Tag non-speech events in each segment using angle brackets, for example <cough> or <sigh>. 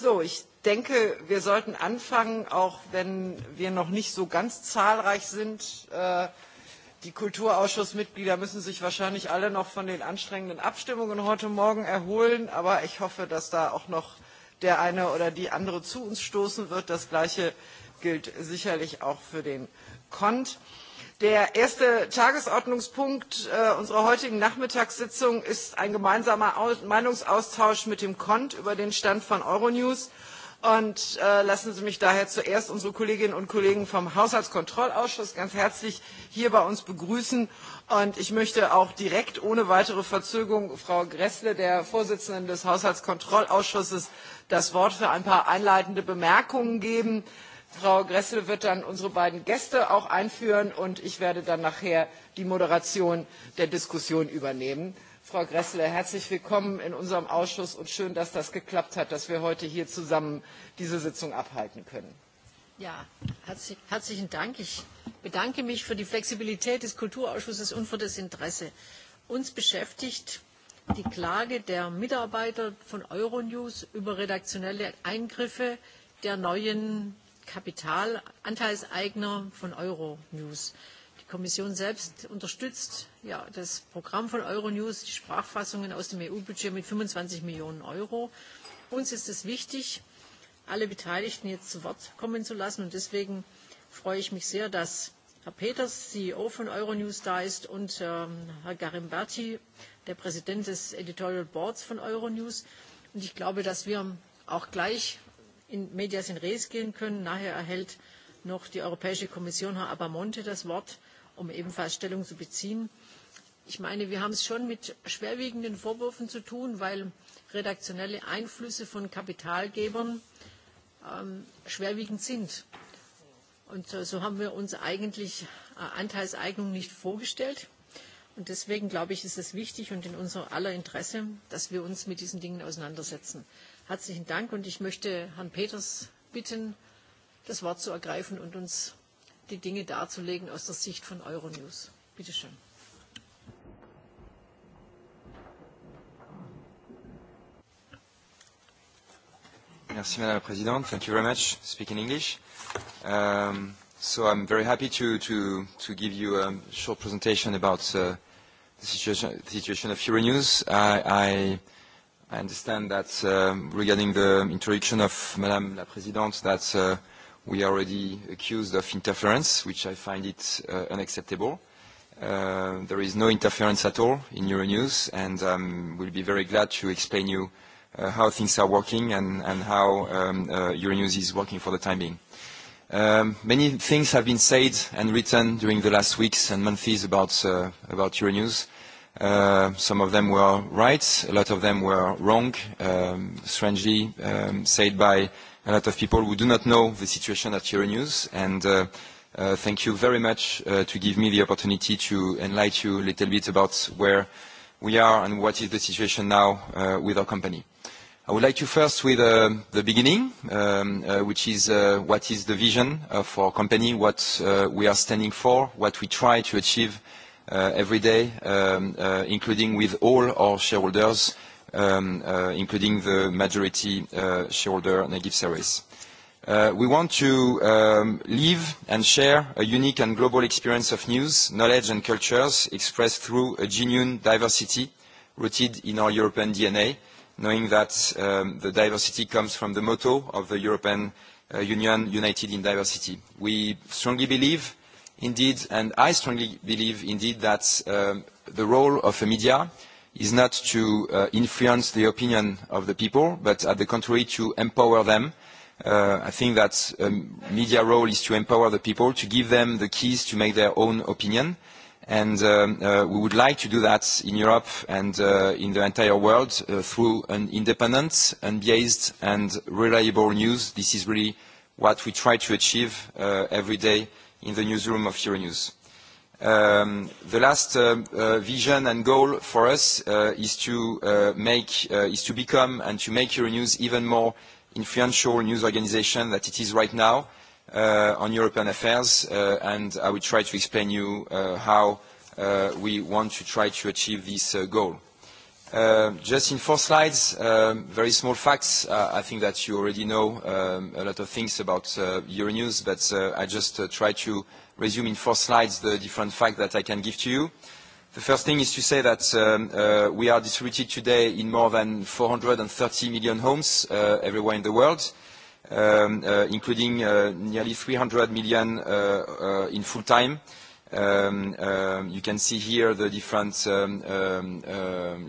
So, ich denke, wir sollten anfangen, auch wenn wir noch nicht so ganz zahlreich sind. Äh, die Kulturausschussmitglieder müssen sich wahrscheinlich alle noch von den anstrengenden Abstimmungen heute Morgen erholen. Aber ich hoffe, dass da auch noch der eine oder die andere zu uns stoßen wird. Das Gleiche gilt sicherlich auch für den Kont. Der erste Tagesordnungspunkt äh, unserer heutigen Nachmittagssitzung ist ein gemeinsamer Meinungsaustausch mit dem KONT über den Stand von Euronews. Und äh, lassen Sie mich daher zuerst unsere Kolleginnen und Kollegen vom Haushaltskontrollausschuss ganz herzlich hier bei uns begrüßen. Und ich möchte auch direkt ohne weitere Verzögerung Frau Gressle, der Vorsitzenden des Haushaltskontrollausschusses, das Wort für ein paar einleitende Bemerkungen geben frau gräßle wird dann unsere beiden gäste auch einführen und ich werde dann nachher die moderation der diskussion übernehmen. frau gräßle herzlich willkommen in unserem ausschuss und schön dass das geklappt hat dass wir heute hier zusammen diese sitzung abhalten können. Ja, herzlich, herzlichen Dank. Ich bedanke mich für die Flexibilität des Kulturausschusses und für das Interesse. Uns beschäftigt die Klage der Mitarbeiter von Euronews über redaktionelle Eingriffe der neuen Kapitalanteilseigner von Euronews. Die Kommission selbst unterstützt ja, das Programm von Euronews, die Sprachfassungen aus dem EU-Budget mit 25 Millionen Euro. Uns ist es wichtig, alle Beteiligten jetzt zu Wort kommen zu lassen. Und deswegen freue ich mich sehr, dass Herr Peters, CEO von Euronews, da ist und ähm, Herr Garimberti, der Präsident des Editorial Boards von Euronews. Und ich glaube, dass wir auch gleich in medias in res gehen können. Nachher erhält noch die Europäische Kommission, Herr Abamonte, das Wort, um ebenfalls Stellung zu beziehen. Ich meine, wir haben es schon mit schwerwiegenden Vorwürfen zu tun, weil redaktionelle Einflüsse von Kapitalgebern ähm, schwerwiegend sind. Und äh, so haben wir uns eigentlich äh, Anteilseignung nicht vorgestellt. Und deswegen, glaube ich, ist es wichtig und in unser aller Interesse, dass wir uns mit diesen Dingen auseinandersetzen. Herzlichen Dank und ich möchte Herrn Peters bitten, das Wort zu ergreifen und uns die Dinge darzulegen aus der Sicht von Euronews. Bitte schön. Merci, Madame la Présidente. Thank you very much. Speaking English. Um, so I'm very happy to, to, to give you a short presentation about uh, the, situation, the situation of Euronews. I, I, I understand that uh, regarding the introduction of Madame la Présidente that uh, we are already accused of interference, which I find it uh, unacceptable. Uh, there is no interference at all in Euronews, and um, we'll be very glad to explain you uh, how things are working and, and how um, uh, Euronews is working for the time being. Um, many things have been said and written during the last weeks and months about, uh, about Euronews. Uh, Uh, some of them were right, a lot of them were wrong, um, strangely um, said by a lot of people who do not know the situation at Euronews. And uh, uh, thank you very much uh, to give me the opportunity to enlighten you a little bit about where we are and what is the situation now uh, with our company. I would like to first with uh, the beginning, um, uh, which is uh, what is the vision of our company, what uh, we are standing for, what we try to achieve Uh, every day, um, uh, including with all our shareholders, um, uh, including the majority shareholder, Nagib Sarwais. We want to um, live and share a unique and global experience of news, knowledge, and cultures expressed through a genuine diversity rooted in our European DNA, knowing that the diversity comes from the motto of the European Union, United in Diversity. We strongly believe indeed, and I strongly believe indeed that um, the role of the media is not to uh, influence the opinion of the people, but at the contrary, to empower them. Uh, I think that the um, media role is to empower the people, to give them the keys to make their own opinion. And um, uh, we would like to do that in Europe and uh, in the entire world uh, through an independent, unbiased and reliable news. This is really what we try to achieve uh, every day uh, in the newsroom of Euronews. Um, the last uh, uh, vision and goal for us uh, is to uh, make, uh, is to become and to make Euronews even more influential news organization that it is right now uh, on European affairs uh, and I will try to explain you uh, how uh, we want to try to achieve this uh, goal. Um, just in four slides, um, very small facts. Uh, I think that you already know um, a lot of things about uh, Euronews, but uh, I just try to resume in four slides the different fact that I can give to you. The first thing is to say that we are distributed today in more than 430 million homes everywhere in the world, including nearly 300 million in full-time, Um, um, you can see here the different, um,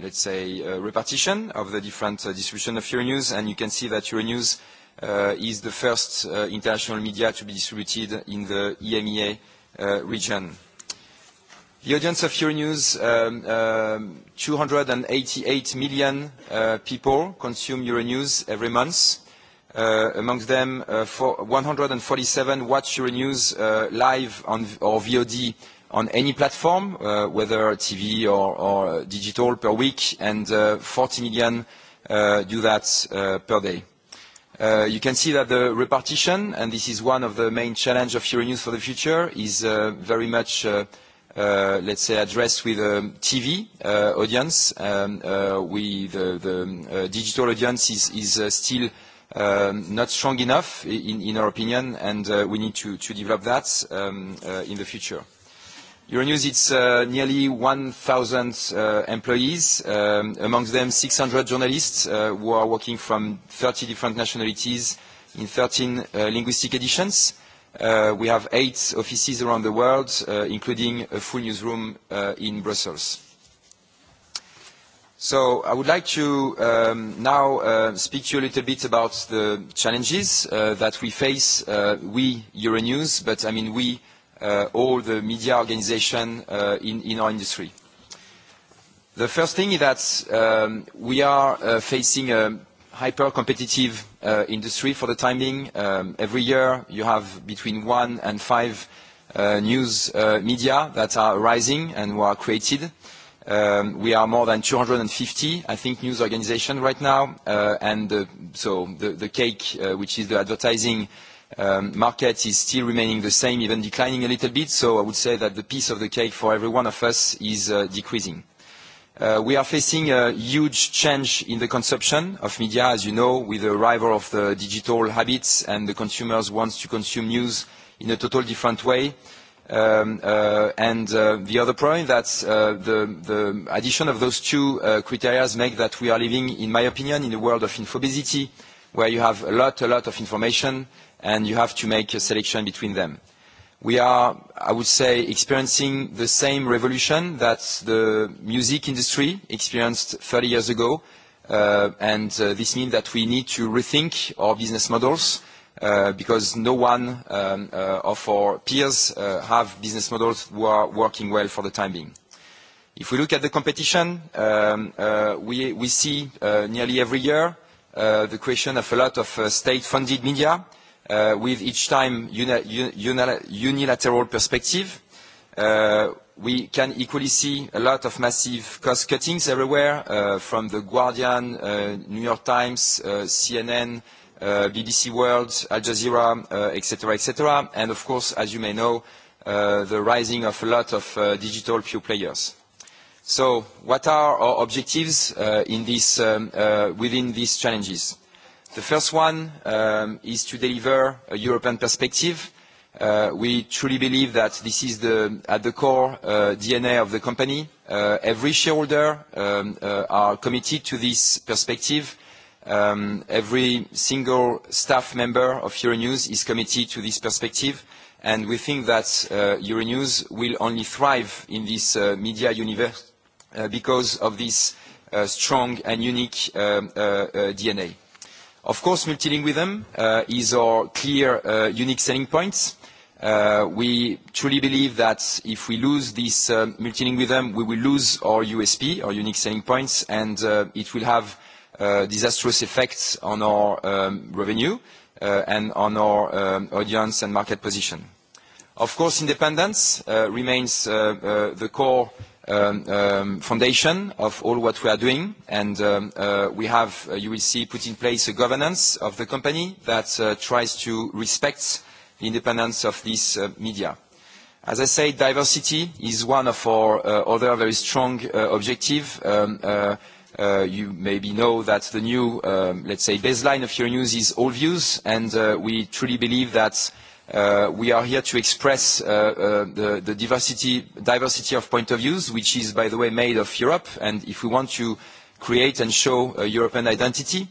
let's say, uh, repartition of the different uh, distribution of Euronews, and you can see that Euronews uh, is the first international media to be distributed in the EMEA region. The audience of Euronews, 288 million people consume Euronews every month uh, amongst them uh, for 147 watch your news uh, live on or VOD on any platform, uh, whether TV or, or digital per week, and uh, 40 million uh, do that uh, per day. Uh, you can see that the repartition, and this is one of the main challenges of Euronews for the future, is uh, very much, uh, uh, let's say, addressed with a um, TV uh, audience. Um, uh, we, the the um, uh, digital audience is, is uh, still uh, Um, not strong enough in our opinion, and uh, we need to develop that um, uh, in the future. Euronews, it's uh, nearly 1,000 employees, um, amongst them 600 journalists who are working from 30 different nationalities in 13 linguistic editions. We have eight offices around the world, including a full newsroom in Brussels. I would like to um, now uh, speak to you a little bit about the challenges uh, that we face, uh, we, Euronews, but I mean we, all the media organization in our industry. The first thing is that um, we are facing a hyper-competitive industry for the time being. Um, every year you have between one and five news media that are rising and who are created. Um, we are more than 250, I think, news organizations right now. Uh, and uh, so the, the cake, uh, which is the advertising um, market, is still remaining the same, even declining a little bit. So I would say that the piece of the cake for every one of us is uh, decreasing. Uh, we are facing a huge change in the consumption of media, as you know, with the arrival of the digital habits and the consumers wants to consume news in a totally different way. Uh, Um, uh, uh, the other point, that's uh, the addition of those two criteria make that we are living, in my opinion, in a world of infobesity, where you have a lot of information and you have to make a selection between them. We are, I would say, experiencing the same revolution that the music industry experienced 30 years ago. This means that we need to rethink our business models Uh, because no one um, uh, of our peers uh, have business models who are working well for the time being. If we look at the competition, um, we see nearly every year the creation of a lot of state-funded media with each time unilateral perspective. We can equally see a lot of massive cost cuttings everywhere, from The Guardian, New York Times, CNN, uh, BBC World, Al Jazeera, etc., uh, etc. Et and of course, as you may know, uh, the rising of a lot of uh, digital pure players. So what are our objectives uh, in this, um, uh, within these challenges? The first one um, is to deliver a European perspective. Uh, we truly believe that this is the, at the core uh, DNA of the company. Uh, every shareholder um, uh, are committed to this perspective. Uh, Um, every single staff member of Euronews is committed to this perspective, and we think that uh, Euronews will only thrive in this uh, media universe uh, because of this uh, strong and unique um, uh, uh, DNA. Of course, multilingualism uh, is our clear, uh, unique selling point. Uh, we truly believe that if we lose this uh, multilingualism, we will lose our USP, our unique selling points, and uh, it will have Uh, disastrous effects on our um, revenue uh, and on our um, audience and market position. Of course, independence uh, remains the core um, foundation of all what we are doing, and we have, you will see, put in place a governance of the company that tries to respect the independence of this media. As I said, diversity is one of our other very strong objective uh, you maybe know that the new, um, let's say, baseline of your news is all views, and uh, we truly believe that uh, we are here to express uh, uh, the, the diversity, diversity of point of views, which is, by the way, made of Europe. And if we want to create and show a European identity,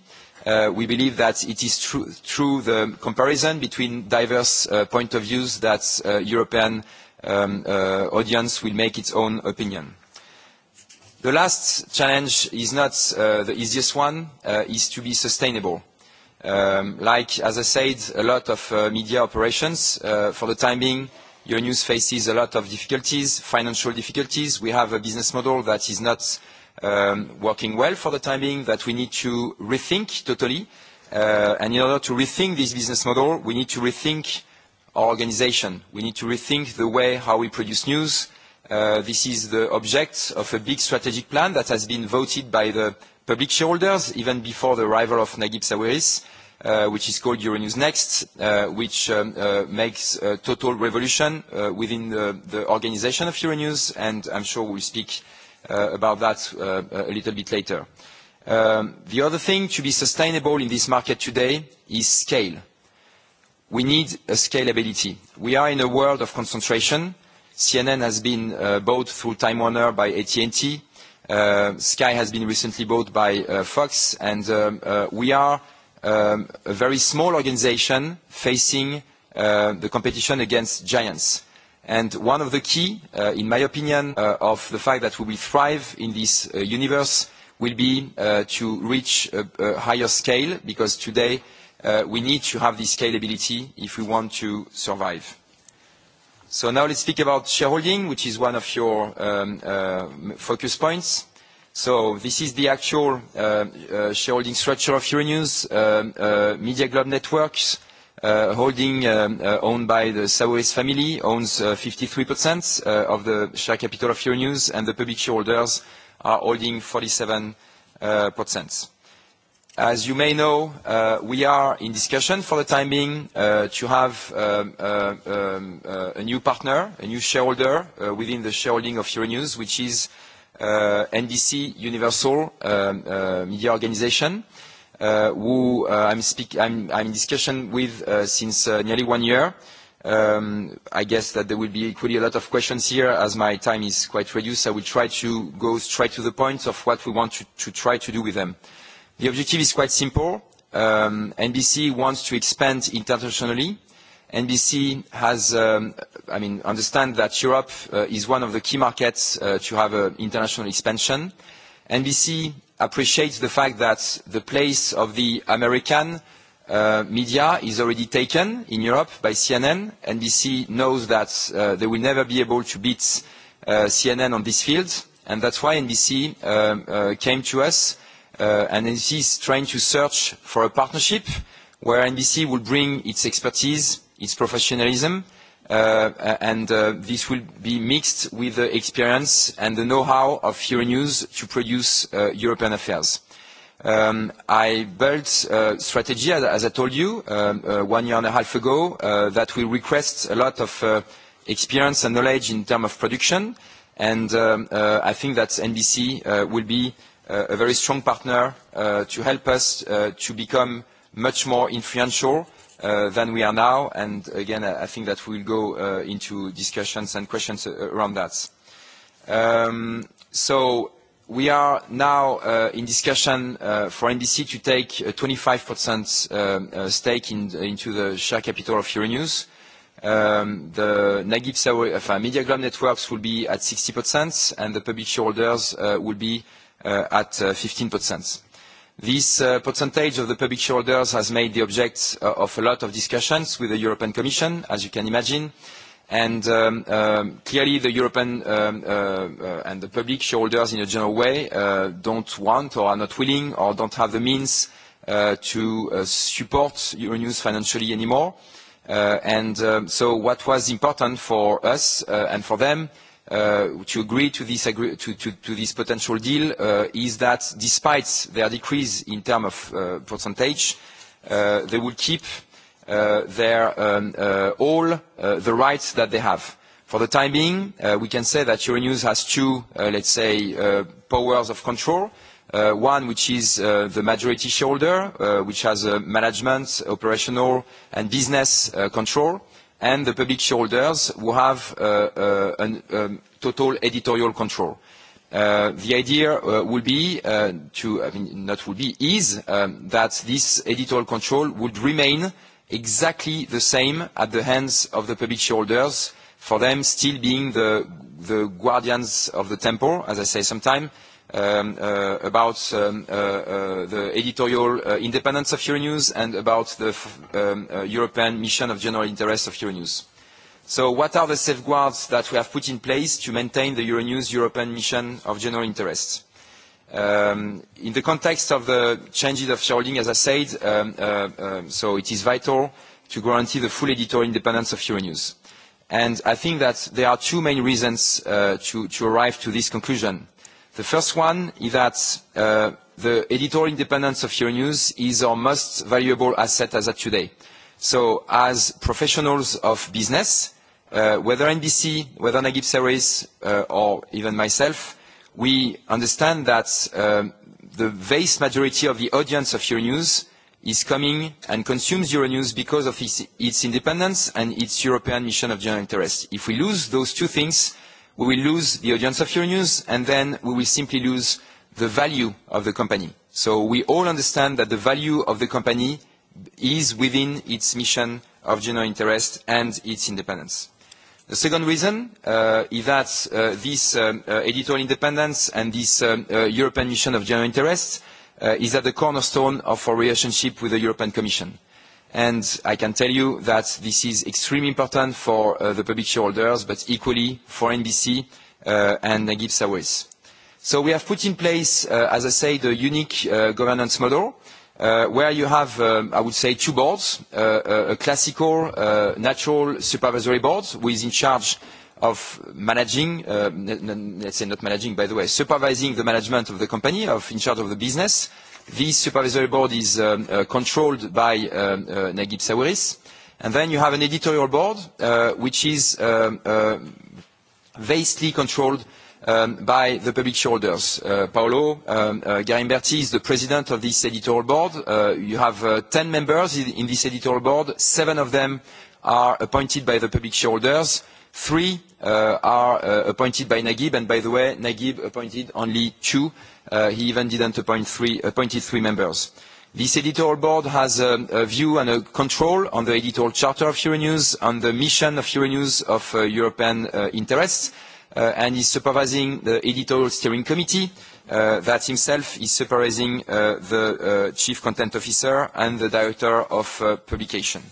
uh, we believe that it is tr through the comparison between diverse uh, point of views that uh, European um, uh, audience will make its own opinion. The last challenge is not uh, the easiest one, uh, is to be sustainable. Um, like, as I said, a lot of uh, media operations, uh, for the time being, your news faces a lot of difficulties, financial difficulties. We have a business model that is not um, working well for the time being, that we need to rethink totally. Uh, and in order to rethink this business model, we need to rethink our organization. We need to rethink the way how we produce news, uh, Uh, this is the object of a big strategic plan that has been voted by the public shareholders even before the arrival of Naguib Sawiris, uh, which is called Euronews Next, uh, which um, makes a total revolution within the organization of Euronews, and I'm sure we'll speak about that a little bit later. Um, the other thing to be sustainable in this market today is scale. We need a scalability. We are in a world of concentration, CNN has been uh, bought through Time Warner by AT&T. Uh, Sky has been recently bought by uh, Fox, and um, we are um, a very small organization facing the competition against giants. One of the key, in my opinion, of the fact that we will thrive in this universe will be to reach a higher scale, because today, we need to have the scalability if we want to survive. Now let's speak about shareholding, which is one of your um, uh, focus points. This is the actual uh, uh, shareholding structure of Euronews. Um, Media Globe Networks, holding um, owned by the Saweis family, owns 53% of the share capital of Euronews, and the public shareholders are holding 47%. As you may know, uh, we are in discussion for the time being uh, to have um, uh, um, a new partner, a new shareholder within the shareholding of Euronews, which is NBCUniversal um, Media Organization, who I'm in discussion with since nearly one year. I guess that there will be equally a lot of questions here. As my time is quite reduced, I will try to go straight to the point of what we want to try to do with them. The objective is quite simple. Um, NBC wants to expand internationally. NBC um, understands that Europe uh, is one of the key markets uh, to have an international expansion. NBC appreciates the fact that the place of the American uh, media is already taken in Europe by CNN. NBC knows that they will never be able to beat CNN on this field, and that's why NBC um, came to us uh, and NBC is trying to search for a partnership where NBC will bring its expertise, its professionalism, uh, and uh, this will be mixed with the experience and the know-how of Euronews to produce uh, European affairs. Um, I built a strategy, as I told you, um, uh, one year and a half ago, uh, that will request a lot of uh, experience and knowledge in terms of production, and um, uh, I think that NBC uh, will be uh, a very strong partner uh, to help us uh, to become much more influential uh, than we are now. And again, I think that we'll go into discussions and questions around that. Um, so we are now in discussion for NBC to take a 25% stake into the share capital of Euronews. Um, the Nagib Saori, Mediaground Networks will be at 60%, and the public shareholders will be Uh, at 15%. Uh, This uh, percentage of the public shareholders has made the object of a lot of discussions with the European Commission, as you can imagine. Um, um, clearly, the European um, and the public shareholders, in a general way, don't want or are not willing or don't have the means to support Euronews financially anymore. What was important for us and for them Uh, to agree to this potential deal uh, is that despite their decrease in terms of uh, percentage, they will keep um, all the rights that they have. For the time being, we can say that Euronews has two, let's say, powers of control. One, which is the majority shareholder, which has management, operational, and business control and the public shareholders who have uh, uh, a um, total editorial control. Uh, the idea not will be, is um, that this editorial control would remain exactly the same at the hands of the public shareholders for them still being the, the guardians of the temple, as I say sometimes, um, uh, about um, uh, uh, the editorial uh, independence of Euronews and about the f um, uh, European mission of general interest of Euronews. So what are the safeguards that we have put in place to maintain the Euronews European mission of general interest? Um, in the context of the changes of shareholding, as I said, um, uh, um, so it is vital to guarantee the full editorial independence of Euronews. news. And I think that there are two main reasons uh, to, to arrive to this conclusion. The first one is that uh, the editorial independence of Euronews is our most valuable asset as of today. So as professionals of business, uh, whether NBC, whether Nagib Series, uh, or even myself, we understand that uh, the vast majority of the audience of Euronews uh, is coming and consumes Euronews because of its, its independence and its European mission of general interest. If we lose those two things, we will lose the audience of Euronews and then we will simply lose the value of the company. So we all understand that the value of the company is within its mission of general interest and its independence. The second reason uh, is that uh, this um, uh, editorial independence and this um, uh, European mission of general interest uh, Uh, is at the cornerstone of our relationship with the European Commission. I can tell you that this is extremely important for uh, the public shareholders, but equally for NBC uh, and Nagib Sawiris. We have put in place, as I said, a unique governance model, where you have, um, I would say, two boards, a classical natural supervisory board, who is in charge of managing, uh, let's say not managing, by the way, supervising the management of the company, of in charge of the business. This supervisory board is um, uh, controlled by um, uh, Naguib Sawiris. Then you have an editorial board, which is vastly um, controlled by the public shareholders. Paolo Galimberti is the president of this editorial board. You have 10 members in this editorial board. Seven of them are appointed by the public shareholders. Three uh, are uh, appointed by Naguib, and by the way, Naguib appointed only two. Uh, he even didn't appoint three, appointed three members. This editorial board has a view and a control on the editorial charter of Euronews, on the mission of Euronews of European interests, and is supervising the editorial steering committee that himself is supervising the chief content officer and the director of publication.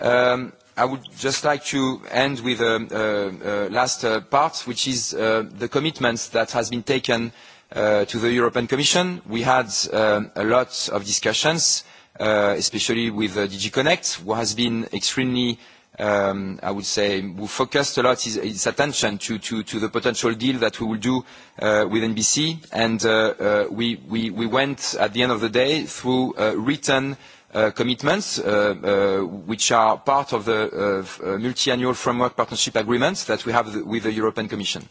Um, I would just like to end with a, a, a last uh, part, which is uh, the commitment that has been taken uh, to the European Commission. We had uh, a lot of discussions, uh, especially with uh, DG Connect, who has been extremely, um, I would say, who focused a lot his, his attention to, to, to the potential deal that we will do uh, with NBC. And uh, uh, we, we, we went, at the end of the day, through uh, written uh, Uh, commitments, uh, uh, which are part of the multi-annual framework partnership agreements that we have with the European Commission.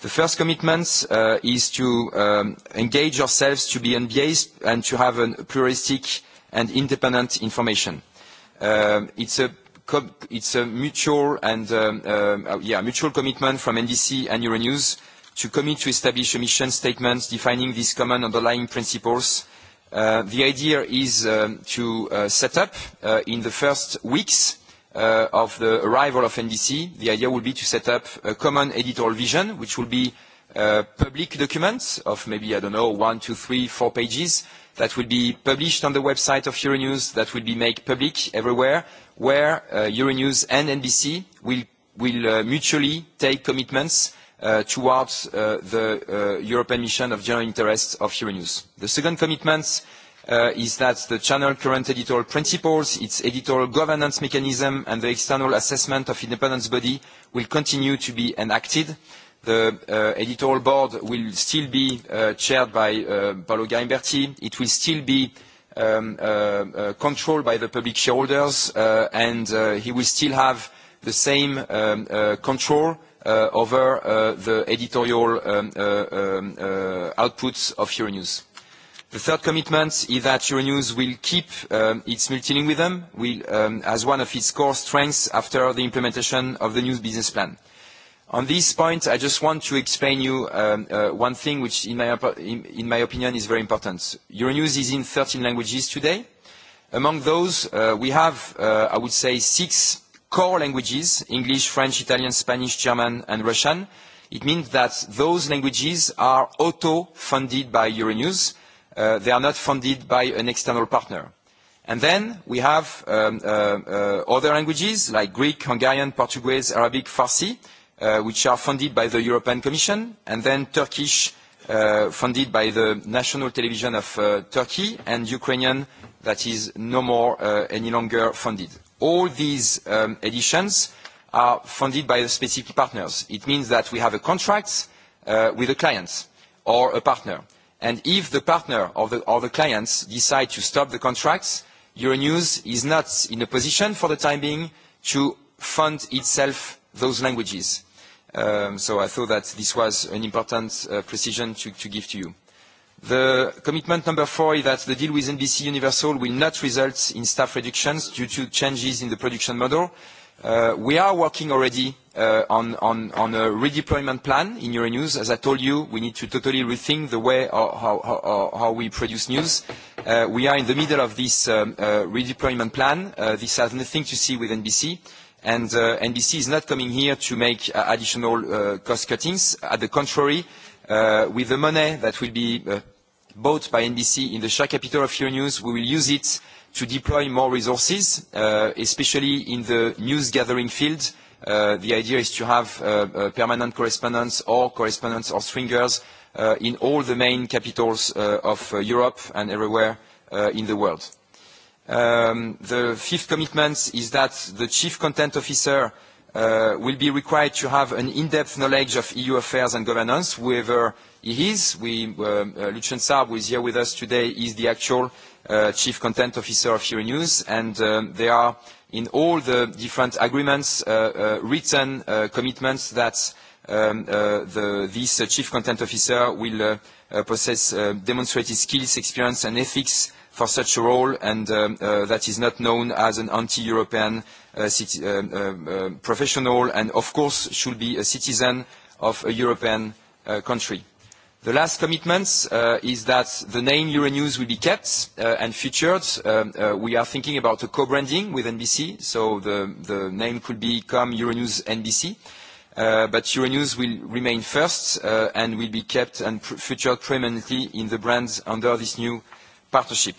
The first commitment is to um, engage ourselves to be unbiased and to have a pluralistic and independent information. It's a mutual um, commitment from NBC and Euronews to commit to establish a mission statement defining these common underlying principles Uh, the idea is uh, to uh, set up uh, in the first weeks uh, of the arrival of NDC, the idea will be to set up a common editorial vision, which will be a uh, public document of maybe, I don't know, one, two, three, four pages that will be published on the website of Euronews, that will be made public everywhere, where uh, Euronews and NBC will, will uh, mutually take commitments uh, towards uh, the uh, European mission of general interest of Euronews. The second commitment uh, is that the channel current editorial principles, its editorial governance mechanism and the external assessment of independence body will continue to be enacted. The uh, editorial board will still be uh, chaired by uh, Paolo Gaimberti. It will still be um, uh, uh, controlled by the public shareholders uh, and uh, he will still have the same um, uh, control uh, Uh, over uh, the editorial um, uh, um, outputs of Euronews. The third commitment is that Euronews will keep um, its multilingualism as one of its core strengths after the implementation of the new business plan. On this point, I just want to explain you one thing, which in my opinion, is very important. Euronews is in 13 languages today. Among those, we have, I would say, six core languages English, French, Italian, Spanish, German and Russian. It means that those languages are auto-funded by Euronews. Uh, they are not funded by an external partner. And then we have um, uh, uh, other languages like Greek, Hungarian, Portuguese, Arabic, Farsi, uh, which are funded by the European Commission, and then Turkish, uh, funded by the national television of uh, Turkey and Ukrainian that is no more uh, any longer funded. All these um, editions are funded by the specific partners. It means that we have a contract uh, with a client or a partner. And if the partner or the, or the clients decide to stop the contracts, Euronews is not in a position for the time being to fund itself those languages. Um, so I thought that this was an important uh, precision to, to give to you. The commitment number four is that the deal with NBC Universal will not result in staff reductions due to changes in the production model. Uh, we are working already uh, on, on, on a redeployment plan in Euronews. As I told you, we need to totally rethink the way how, how, how, how we produce news. Uh, we are in the middle of this um, uh, redeployment plan. Uh, this has nothing to see with NBC. NBC uh, is not coming here to make uh, additional uh, cost cuttings. At the contrary, with the money that will be bought by NBC in the share capital of Euronews, we will use it to deploy more resources, especially in the news gathering field. The idea is to have permanent correspondents or correspondents or stringers in all the main capitals of Europe and everywhere in the world. Um, the fifth commitment is that the chief content officer uh, will be required to have an in-depth knowledge of EU affairs and governance, whoever he is. We, uh, uh, Lucien Saab, who is here with us today, is the actual uh, chief content officer of Euronews, and um, there are in all the different agreements uh, uh, written uh, commitments that um, uh, the, this uh, chief content officer will uh, uh, possess uh, demonstrated skills, experience, and ethics uh, for such a role and um, uh, that is not known as an anti-European uh, uh, um, uh, um, professional and of course should be a citizen of a European uh, country. The last commitment uh, is that the name Euronews will be kept uh, and featured. Um, uh, we are thinking about a co-branding with NBC, so the, the name could become Euronews NBC. Uh, but Euronews will remain first uh, and will be kept and pr featured prominently in the brands under this new partnership.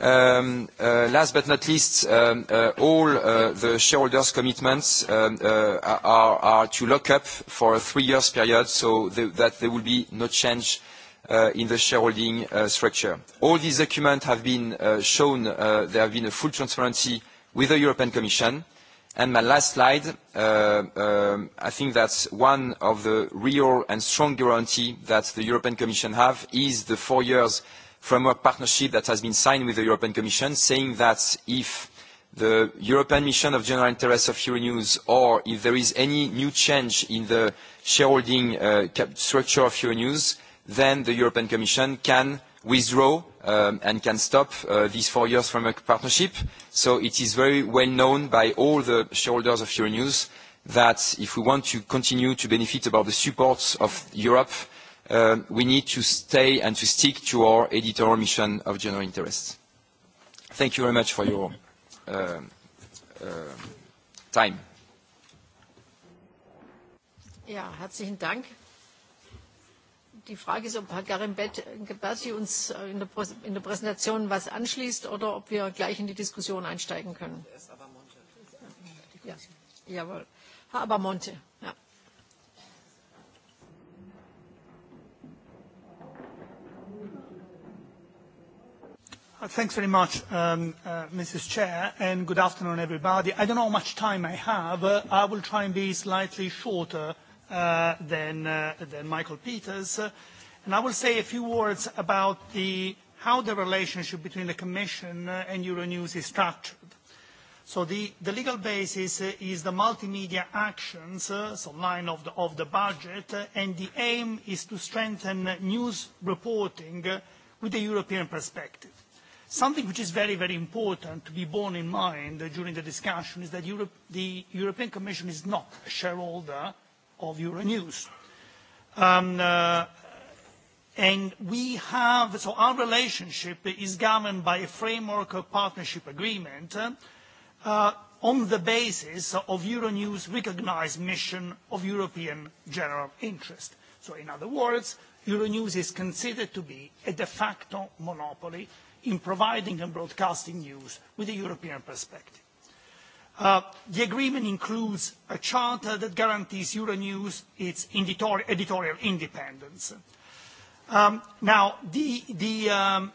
Um, uh, last but not least, um, uh, all uh, the shareholders' commitments um, are to lock up for a three years period, so that there will be no change in the shareholding structure. All these documents have been shown. There have been a full transparency with the European Commission. My last slide, I think that one of the real and strong guarantee that the European Commission have is the four years framework partnership that has been signed with the European Commission, saying that if the European Mission of General Interest of Euronews or if there is any new change in the shareholding uh, structure of Euronews, then the European Commission can withdraw um, and can stop uh, these four years from a partnership. So it is very well known by all the shareholders of Euronews that if we want to continue to benefit about the support of Europe, uh, Um, we need to stay and to stick to our editorial mission of general interest. Thank you very much for your uh, uh, time. Ja, herzlichen Dank. Die Frage ist, ob Herr Garimbet-Gebassi uns äh, in der, in der Präsentation was anschließt oder ob wir gleich in die Diskussion einsteigen können. Herr ja, Abamonte. Jawohl. Herr Abamonte. Ja. Uh, thanks very much, um, uh, Mrs. Chair, and good afternoon, everybody. I don't know how much time I have. Uh, I will try and be slightly shorter uh, than, uh, than Michael Peters. And I will say a few words about the, how the relationship between the Commission uh, and Euronews is structured. So the, the legal basis uh, is the multimedia actions, uh, so line of the, of the budget, and the aim is to strengthen news reporting with a European perspective. Something which is very, very important to be borne in mind during the discussion is that Europe, the European Commission is not a shareholder of Euronews. Um, uh, and we have, so our relationship is governed by a framework of partnership agreement uh, uh on the basis of Euronews' recognized mission of European general interest. So in other words, Euronews is considered to be a de facto monopoly in providing and broadcasting news with a European perspective. Uh, the agreement includes a charter that guarantees Euronews its editor editorial independence. Um, now, the, the, um,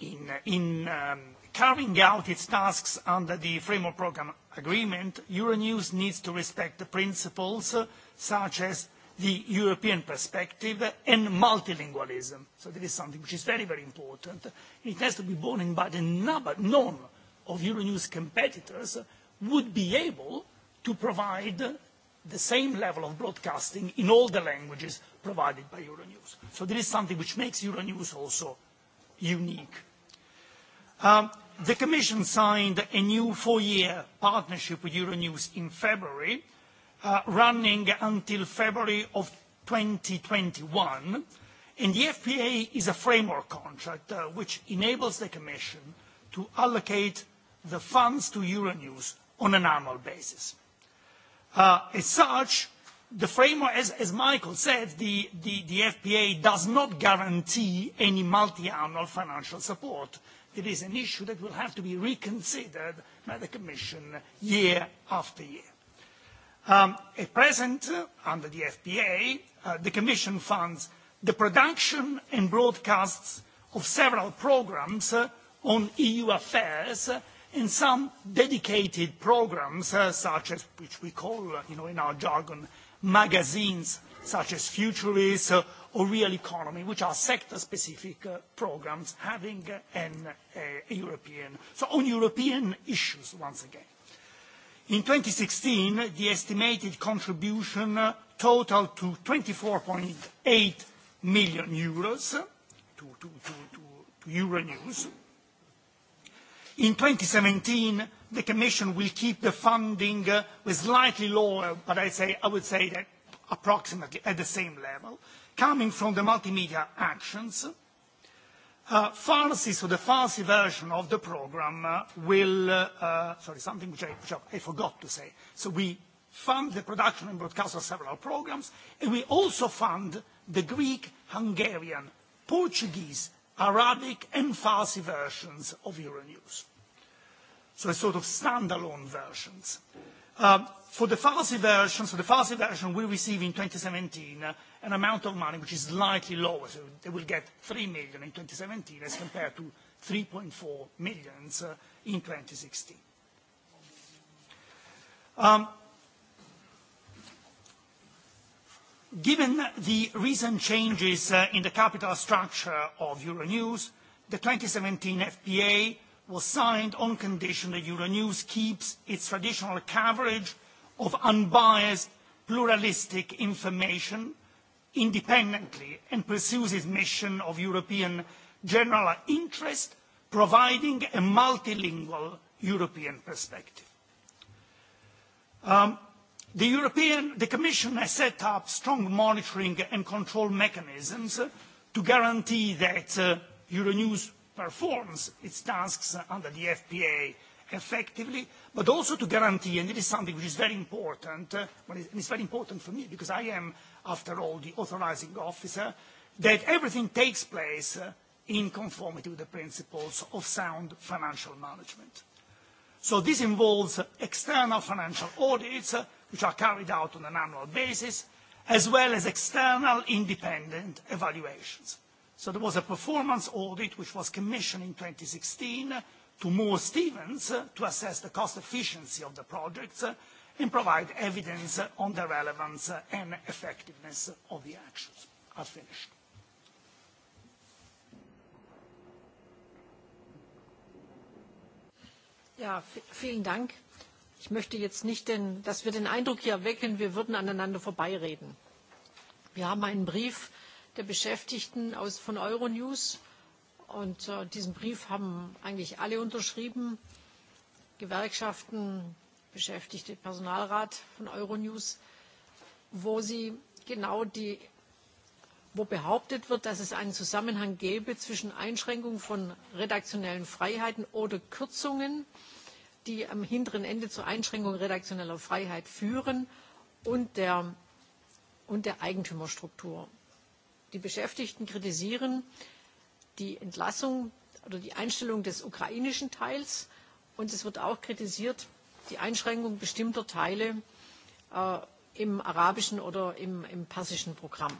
in, in um, carrying out its tasks under the framework program agreement, Euronews needs to respect the principles uh, such as the European perspective and multilingualism. So this is something which is very, very important. It has to be borne in mind that none of Euronews' competitors would be able to provide the same level of broadcasting in all the languages provided by Euronews. So this is something which makes Euronews also unique. Um, the Commission signed a new four-year partnership with Euronews in February. Uh, running until February of 2021, and the FPA is a framework contract uh, which enables the Commission to allocate the funds to Euronews on an annual basis. Uh, as such, the framework, as Michael said, the FPA does not guarantee any multi-annual financial support. It is an issue that will have to be reconsidered by the Commission year after year. Um, at present, uh, under the FPA, uh, the Commission funds the production and broadcasts of several programs uh, on EU affairs and some dedicated programs, such as, which we call, you know, in our jargon, magazines, such as Futurist or Real Economy, which are sector-specific programs having a European... So on European issues, once again. In 2016, the estimated contribution totaled to 24.8 million euros. In 2017, the commission will keep the funding uh, with slightly lower, but I would say that approximately at the same level, coming from the multimedia actions. Uh, Farsi, so the Farsi version of the program uh, will, uh, uh sorry, something which, I, which I, I forgot to say. So we fund the production and broadcast of several programs, and we also fund the Greek, Hungarian, Portuguese, Arabic, and Farsi versions of Euronews. So a sort of standalone versions. Um, for the Farsi version, so the Farsi version we receive in 2017, uh, an amount of money which is slightly lower. So they will get 3 million in 2017 as compared to 3.4 million uh, in 2016. Um, given the recent changes uh, in the capital structure of Euronews, the 2017 FPA was signed on condition that Euronews keeps its traditional coverage of unbiased pluralistic information independently and pursues its mission of European general interest, providing a multilingual European perspective. Um, the, European, the Commission has set up strong monitoring and control mechanisms to guarantee that uh, Euronews performs its tasks under the FPA effectively, but also to guarantee, and it is something which is very important, uh, and it's very important for me because I am after all, the authorizing officer, that everything takes place uh, in conformity with the principles of sound financial management. So this involves external financial audits, uh, which are carried out on an annual basis, as well as external independent evaluations. So there was a performance audit which was commissioned in 2016 to Moore Stevens uh, to assess the cost efficiency of the projects, uh, and provide evidence on the relevance and effectiveness of the actions. I've finished. Ja, vielen Dank. Ich möchte jetzt nicht, den, dass wir den Eindruck hier wecken, wir würden aneinander vorbeireden. Wir haben einen Brief der Beschäftigten aus, von Euronews und äh, diesen Brief haben eigentlich alle unterschrieben, Gewerkschaften, beschäftigte Personalrat von Euronews, wo sie genau die, wo behauptet wird, dass es einen Zusammenhang gäbe zwischen Einschränkung von redaktionellen Freiheiten oder Kürzungen, die am hinteren Ende zur Einschränkung redaktioneller Freiheit führen und der, und der Eigentümerstruktur. Die Beschäftigten kritisieren die Entlassung oder die Einstellung des ukrainischen Teils. Und es wird auch kritisiert, die Einschränkung bestimmter Teile äh, im arabischen oder im, im persischen Programm.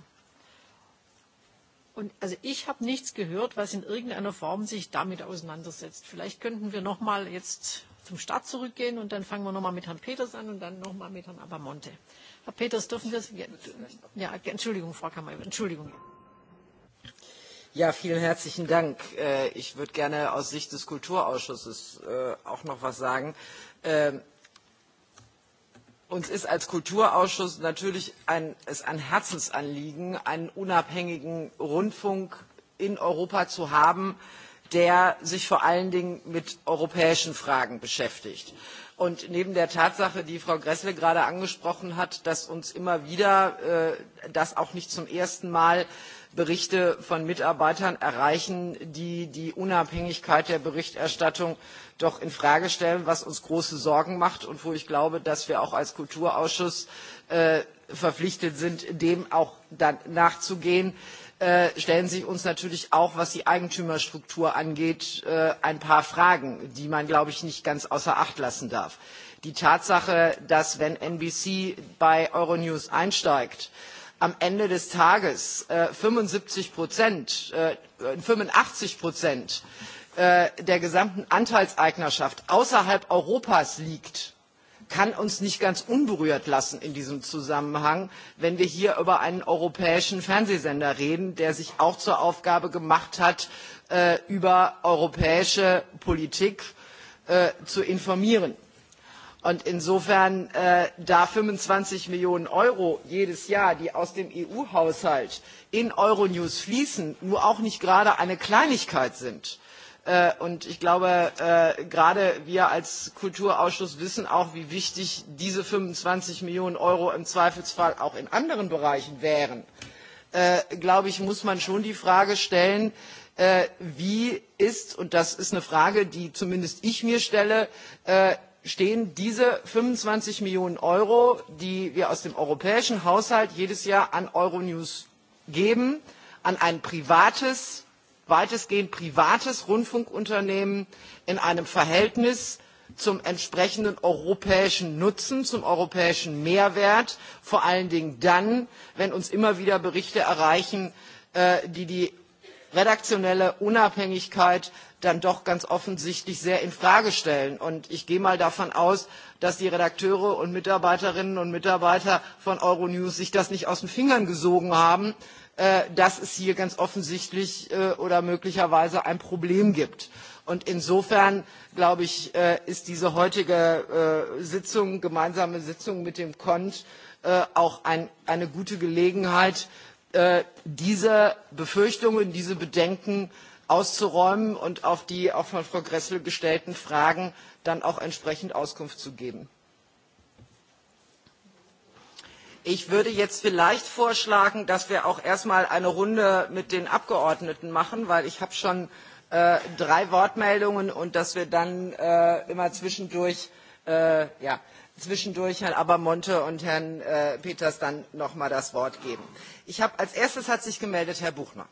Und also ich habe nichts gehört, was in irgendeiner Form sich damit auseinandersetzt. Vielleicht könnten wir noch mal jetzt zum Start zurückgehen und dann fangen wir noch mal mit Herrn Peters an und dann noch mal mit Herrn Abamonte. Herr Peters, dürfen wir das? Ja, ja, Entschuldigung, Frau Kammer, Entschuldigung. Ja. Ja, vielen herzlichen Dank. Äh, ich würde gerne aus Sicht des Kulturausschusses äh, auch noch was sagen. Ähm, uns ist als Kulturausschuss natürlich ein, ist ein Herzensanliegen, einen unabhängigen Rundfunk in Europa zu haben, der sich vor allen Dingen mit europäischen Fragen beschäftigt. Und neben der Tatsache, die Frau Gressle gerade angesprochen hat, dass uns immer wieder, äh, das auch nicht zum ersten Mal, äh, Berichte von Mitarbeitern erreichen, die die Unabhängigkeit der Berichterstattung doch in Frage stellen, was uns große Sorgen macht und wo ich glaube, dass wir auch als Kulturausschuss äh, verpflichtet sind, dem auch dann nachzugehen. Äh, stellen sich uns natürlich auch, was die Eigentümerstruktur angeht, äh, ein paar Fragen, die man, glaube ich, nicht ganz außer Acht lassen darf. Die Tatsache, dass wenn NBC bei Euronews einsteigt, äh, am ende des tages äh, fünfundsiebzig äh, fünfundachtzig äh, der gesamten anteilseignerschaft außerhalb europas liegt kann uns nicht ganz unberührt lassen in diesem zusammenhang wenn wir hier über einen europäischen fernsehsender reden der sich auch zur aufgabe gemacht hat über europäische politik zu informieren. Und insofern äh, da 25 Millionen Euro jedes Jahr, die aus dem EU-Haushalt in Euronews fließen, nur auch nicht gerade eine Kleinigkeit sind. Äh, und ich glaube, äh, gerade wir als Kulturausschuss wissen auch, wie wichtig diese 25 Millionen Euro im Zweifelsfall auch in anderen Bereichen wären. Äh, glaube ich, muss man schon die Frage stellen, äh, wie ist, und das ist eine Frage, die zumindest ich mir stelle, äh, stehen diese 25 Millionen Euro, die wir aus dem europäischen Haushalt jedes Jahr an Euronews geben, an ein privates, weitestgehend privates Rundfunkunternehmen in einem Verhältnis zum entsprechenden europäischen Nutzen, zum europäischen Mehrwert, vor allen Dingen dann, wenn uns immer wieder Berichte erreichen, äh, die die redaktionelle Unabhängigkeit dann doch ganz offensichtlich sehr in Frage stellen. Und ich gehe mal davon aus, dass die Redakteure und Mitarbeiterinnen und Mitarbeiter von Euronews sich das nicht aus den Fingern gesogen haben, äh, dass es hier ganz offensichtlich äh, oder möglicherweise ein Problem gibt. Und insofern, glaube ich, äh, ist diese heutige äh, Sitzung, gemeinsame Sitzung mit dem Kont, äh, auch ein, eine gute Gelegenheit, äh, diese Befürchtungen, diese Bedenken, auszuräumen und auf die auch von Frau Gressel gestellten Fragen dann auch entsprechend Auskunft zu geben. Ich würde jetzt vielleicht vorschlagen, dass wir auch erstmal eine Runde mit den Abgeordneten machen, weil ich habe schon äh, drei Wortmeldungen und dass wir dann äh, immer zwischendurch, äh, ja, zwischendurch Herrn Abermonte und Herrn äh, Peters dann nochmal das Wort geben. Ich habe als erstes hat sich gemeldet Herr Buchner.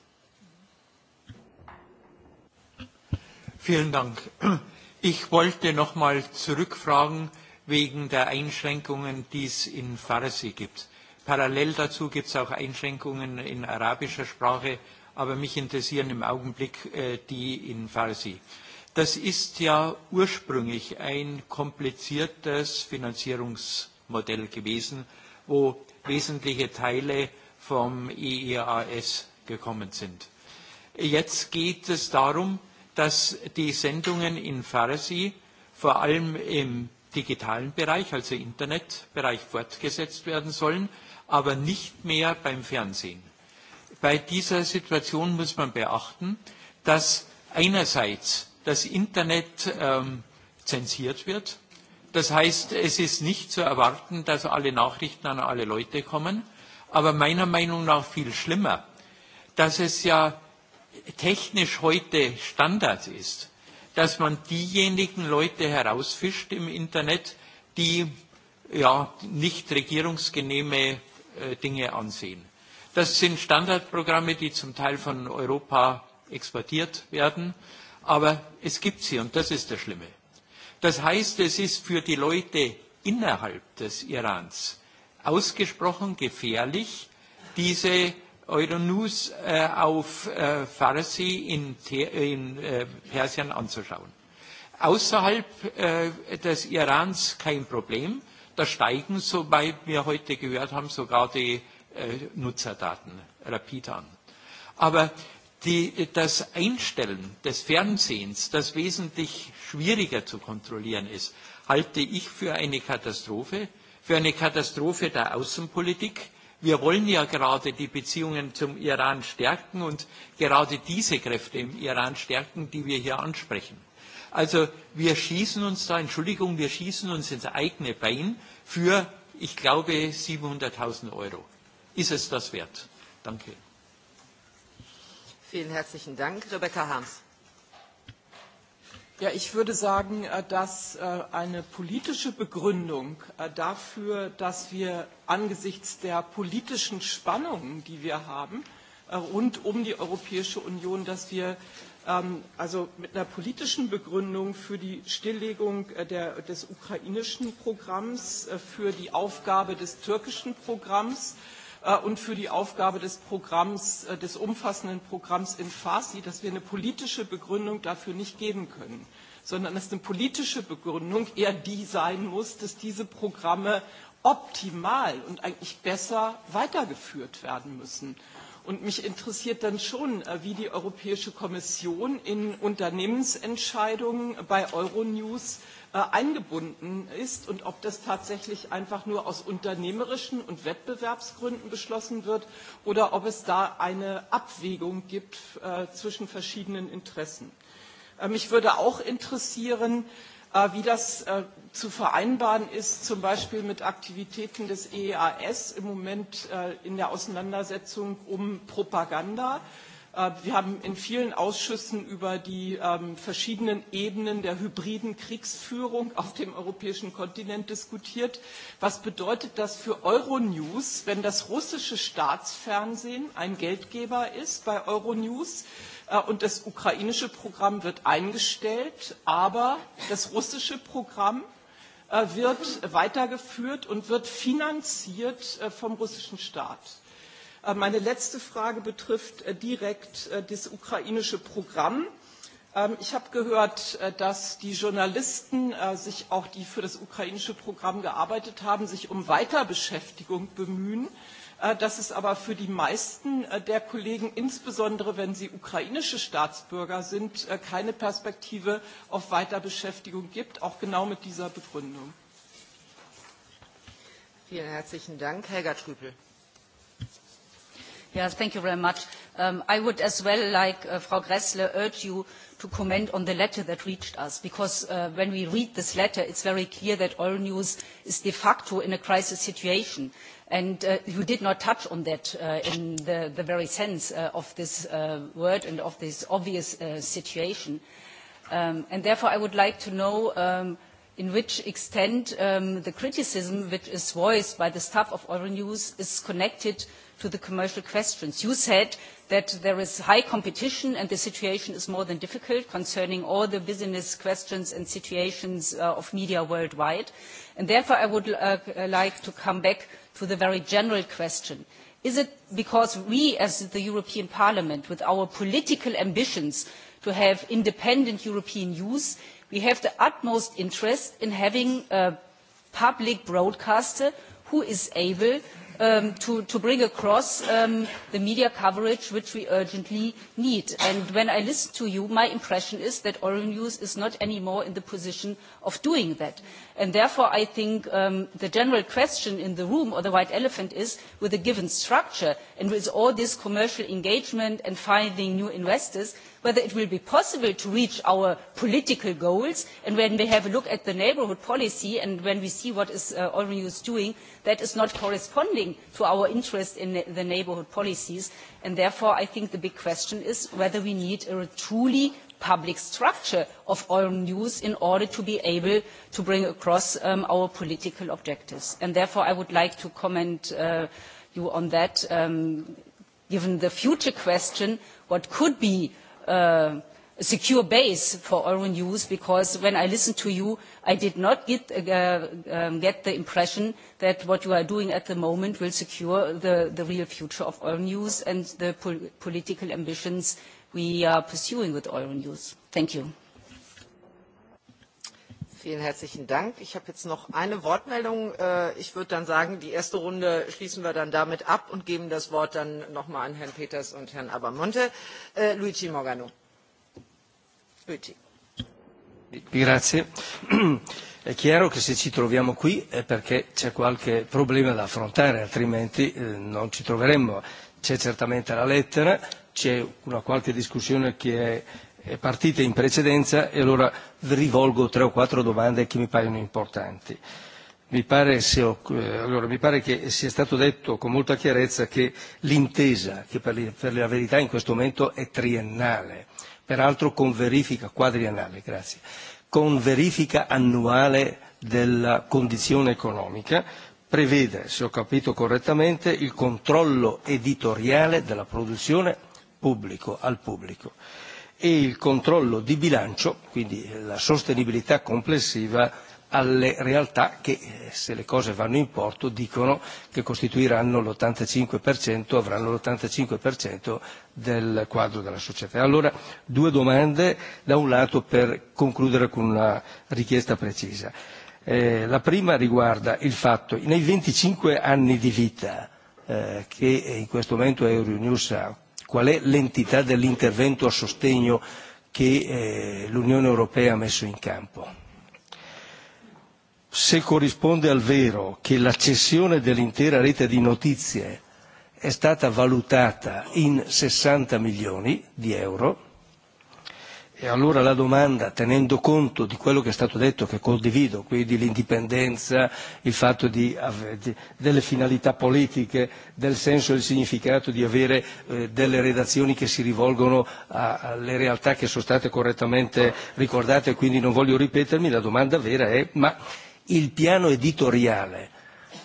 Vielen Dank. Ich wollte noch mal zurückfragen wegen der Einschränkungen, die es in Farsi gibt. Parallel dazu gibt es auch Einschränkungen in arabischer Sprache, aber mich interessieren im Augenblick äh, die in Farsi. Das ist ja ursprünglich ein kompliziertes Finanzierungsmodell gewesen, wo wesentliche Teile vom EEAS gekommen sind. Jetzt geht es darum, dass die Sendungen in Farsi vor allem im digitalen Bereich, also Internetbereich, fortgesetzt werden sollen, aber nicht mehr beim Fernsehen. Bei dieser Situation muss man beachten, dass einerseits das Internet ähm, zensiert wird. Das heißt, es ist nicht zu erwarten, dass alle Nachrichten an alle Leute kommen. Aber meiner Meinung nach viel schlimmer, dass es ja technisch heute Standard ist, dass man diejenigen Leute herausfischt im Internet, die ja, nicht regierungsgenehme äh, Dinge ansehen. Das sind Standardprogramme, die zum Teil von Europa exportiert werden, aber es gibt sie und das ist das Schlimme. Das heißt, es ist für die Leute innerhalb des Irans ausgesprochen gefährlich, diese Euronews äh, er auf äh, øh, Farsi in, in äh, øh, Persien anzuschauen. Außerhalb äh, des Irans kein Problem. Da steigen, soweit wir heute gehört haben, sogar die äh, Nutzerdaten rapid an. Aber die, das Einstellen des Fernsehens, das wesentlich schwieriger zu kontrollieren ist, halte ich für eine Katastrophe, für eine Katastrophe der Außenpolitik, äh, Wir wollen ja gerade die Beziehungen zum Iran stärken und gerade diese Kräfte im Iran stärken, die wir hier ansprechen. Also wir schießen uns da, Entschuldigung, wir schießen uns ins eigene Bein für, ich glaube, 700.000 Euro. Ist es das wert? Danke. Vielen herzlichen Dank, Rebecca Harms. Ja, ich würde sagen, äh, dass äh, eine politische Begründung äh, dafür, dass wir angesichts der politischen Spannungen, die wir haben, rund um die Europäische Union, dass wir ähm, also mit einer politischen Begründung für die Stilllegung der, des ukrainischen Programms, für die Aufgabe des türkischen Programms, Äh, und für die Aufgabe des Programms, äh, des umfassenden Programms in Farsi, dass wir eine politische Begründung dafür nicht geben können, sondern dass eine politische Begründung eher die sein muss, dass diese Programme optimal und eigentlich besser weitergeführt werden müssen. Und mich interessiert dann schon, äh, wie die Europäische Kommission in Unternehmensentscheidungen bei Euronews äh, Äh, eingebunden ist und ob das tatsächlich einfach nur aus unternehmerischen und Wettbewerbsgründen beschlossen wird oder ob es da eine Abwägung gibt äh, zwischen verschiedenen Interessen. Ähm, mich würde auch interessieren, äh, wie das zu vereinbaren ist, zum Beispiel mit Aktivitäten des EAS im Moment in der Auseinandersetzung um Propaganda. Äh, wir haben in vielen Ausschüssen über die ähm, verschiedenen Ebenen der hybriden Kriegsführung auf dem europäischen Kontinent diskutiert. Was bedeutet das für Euronews, wenn das russische Staatsfernsehen ein Geldgeber ist bei Euronews äh, und das ukrainische Programm wird eingestellt, aber das russische Programm äh, wird weitergeführt und wird finanziert vom russischen Staat? Äh, meine letzte Frage betrifft äh, direkt äh, das ukrainische Programm. Ähm, ich habe gehört, dass die Journalisten, sich auch die für das ukrainische Programm gearbeitet haben, sich um Weiterbeschäftigung bemühen. Das ist aber für die meisten der Kollegen, insbesondere wenn sie ukrainische Staatsbürger sind, keine Perspektive auf Weiterbeschäftigung gibt, auch genau mit dieser Begründung. Vielen herzlichen Dank. Helga Trüpel. Thank you very much. Um, I would as well, like uh, Frau Grässle, urge you to comment on the letter that reached us, because uh, when we read this letter, it's very clear that Euronews is de facto in a crisis situation. Uh, you did not touch on that in the very sense of this word and of this obvious situation. Um, therefore, I would like to know um, in which extent the criticism which is voiced by the staff of Euronews is connected to the commercial questions. You said that there is high competition and the situation is more than difficult concerning all the business questions and situations uh, of media worldwide. And therefore, I would uh, like to come back to the very general question. Is it because we, as the European Parliament, with our political ambitions to have independent European use, we have the utmost interest in having a public broadcaster who is able um, to, to bring across um, the media coverage which we urgently need. And when I listen to you, my impression is that Euronews is not anymore in the position of doing that. And therefore, I think um, the general question in the room or the white elephant is with a given structure and with all this commercial engagement and finding new investors, whether it will be possible to reach our political goals and when we have a look at the neighbourhood policy and when we see what uh, olmeyo is doing that is not corresponding to our interest in the neighbourhood policies and therefore i think the big question is whether we need a truly public structure of olmeyo in order to be able to bring across um, our political objectives and therefore i would like to comment uh, you on that um, given the future question what could be Uh, secure base for Euronews because when I listened to you, I did not get, uh, um, get the impression that what you are doing at the moment will secure the, the real future of Euronews and the pol political ambitions we are pursuing with Euronews. Thank you vielen herzlichen Dank. Ich habe jetzt noch eine Wortmeldung. Äh, ich würde dann sagen, die erste Runde schließen wir dann damit ab und geben das Wort dann nochmal an Herrn Peters und Herrn Abamonte. Äh, Luigi Morgano. Luigi. Grazie. È chiaro che se ci troviamo qui è perché c'è qualche problema da affrontare, altrimenti eh, non ci troveremmo. C'è certamente la lettera, c'è una qualche discussione che è Eh, partite in precedenza e allora rivolgo tre o quattro domande che mi paiono importanti. Mi pare, se ho, eh, allora, mi pare che sia stato detto con molta chiarezza che l'intesa, che per, per la verità in questo momento è triennale, peraltro con verifica quadriennale, grazie, con verifica annuale della condizione economica, prevede, se ho capito correttamente, il controllo editoriale della produzione pubblico al pubblico e il controllo di bilancio, quindi eh, la sostenibilità complessiva, alle realtà che, eh, se le cose vanno in porto, dicono che costituiranno l'85%, avranno l'85% del quadro della società. Allora, due domande, da un lato per concludere con una richiesta precisa. Eh, la prima riguarda il fatto, nei 25 anni di vita eh, che in questo momento Euronews ha, qual è l'entità dell'intervento a sostegno che eh, l'Unione Europea ha messo in campo. Se corrisponde al vero che la cessione dell'intera rete di notizie è stata valutata in 60 milioni di euro, E allora la domanda, tenendo conto di quello che è stato detto, che condivido, quindi l'indipendenza, il fatto di, di, delle finalità politiche, del senso e del significato di avere eh, delle redazioni che si rivolgono alle realtà che sono state correttamente ricordate, quindi non voglio ripetermi, la domanda vera è ma il piano editoriale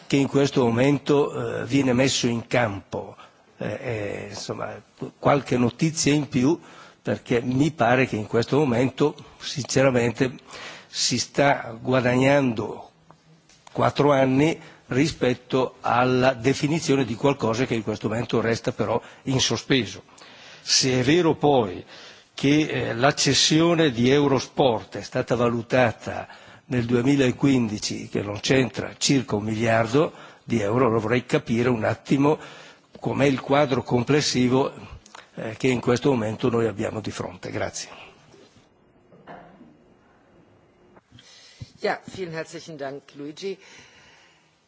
che in questo momento eh, viene messo in campo, eh, insomma, qualche notizia in più, perché mi pare che in questo momento sinceramente si sta guadagnando quattro anni rispetto alla definizione di qualcosa che in questo momento resta però in sospeso. Se è vero poi che eh, l'accessione di Eurosport è stata valutata nel 2015, che non c'entra, circa un miliardo di euro, lo vorrei capire un attimo com'è il quadro complessivo Eh, che in questo momento noi abbiamo di fronte. Grazie. Ja, vielen herzlichen Dank, Luigi.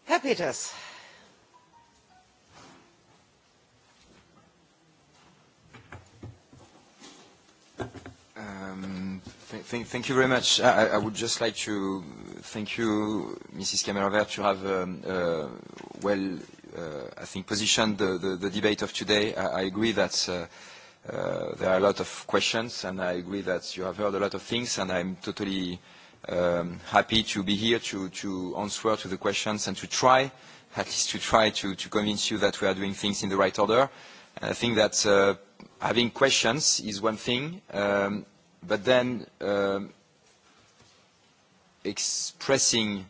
Herr Peters. Um, th th thank you very much. I, I would just like to thank you, Mrs. Camerovert, to have um, uh, well uh, I think, positioned the, the, the debate of today. I, I agree that uh, uh, there are a lot of questions, and I agree that you have heard a lot of things, and I'm totally um, happy to be here to, to answer to the questions and to try, at least to try to, to convince you that we are doing things in the right order. And I think that uh, having questions is one thing, um, but then um, expressing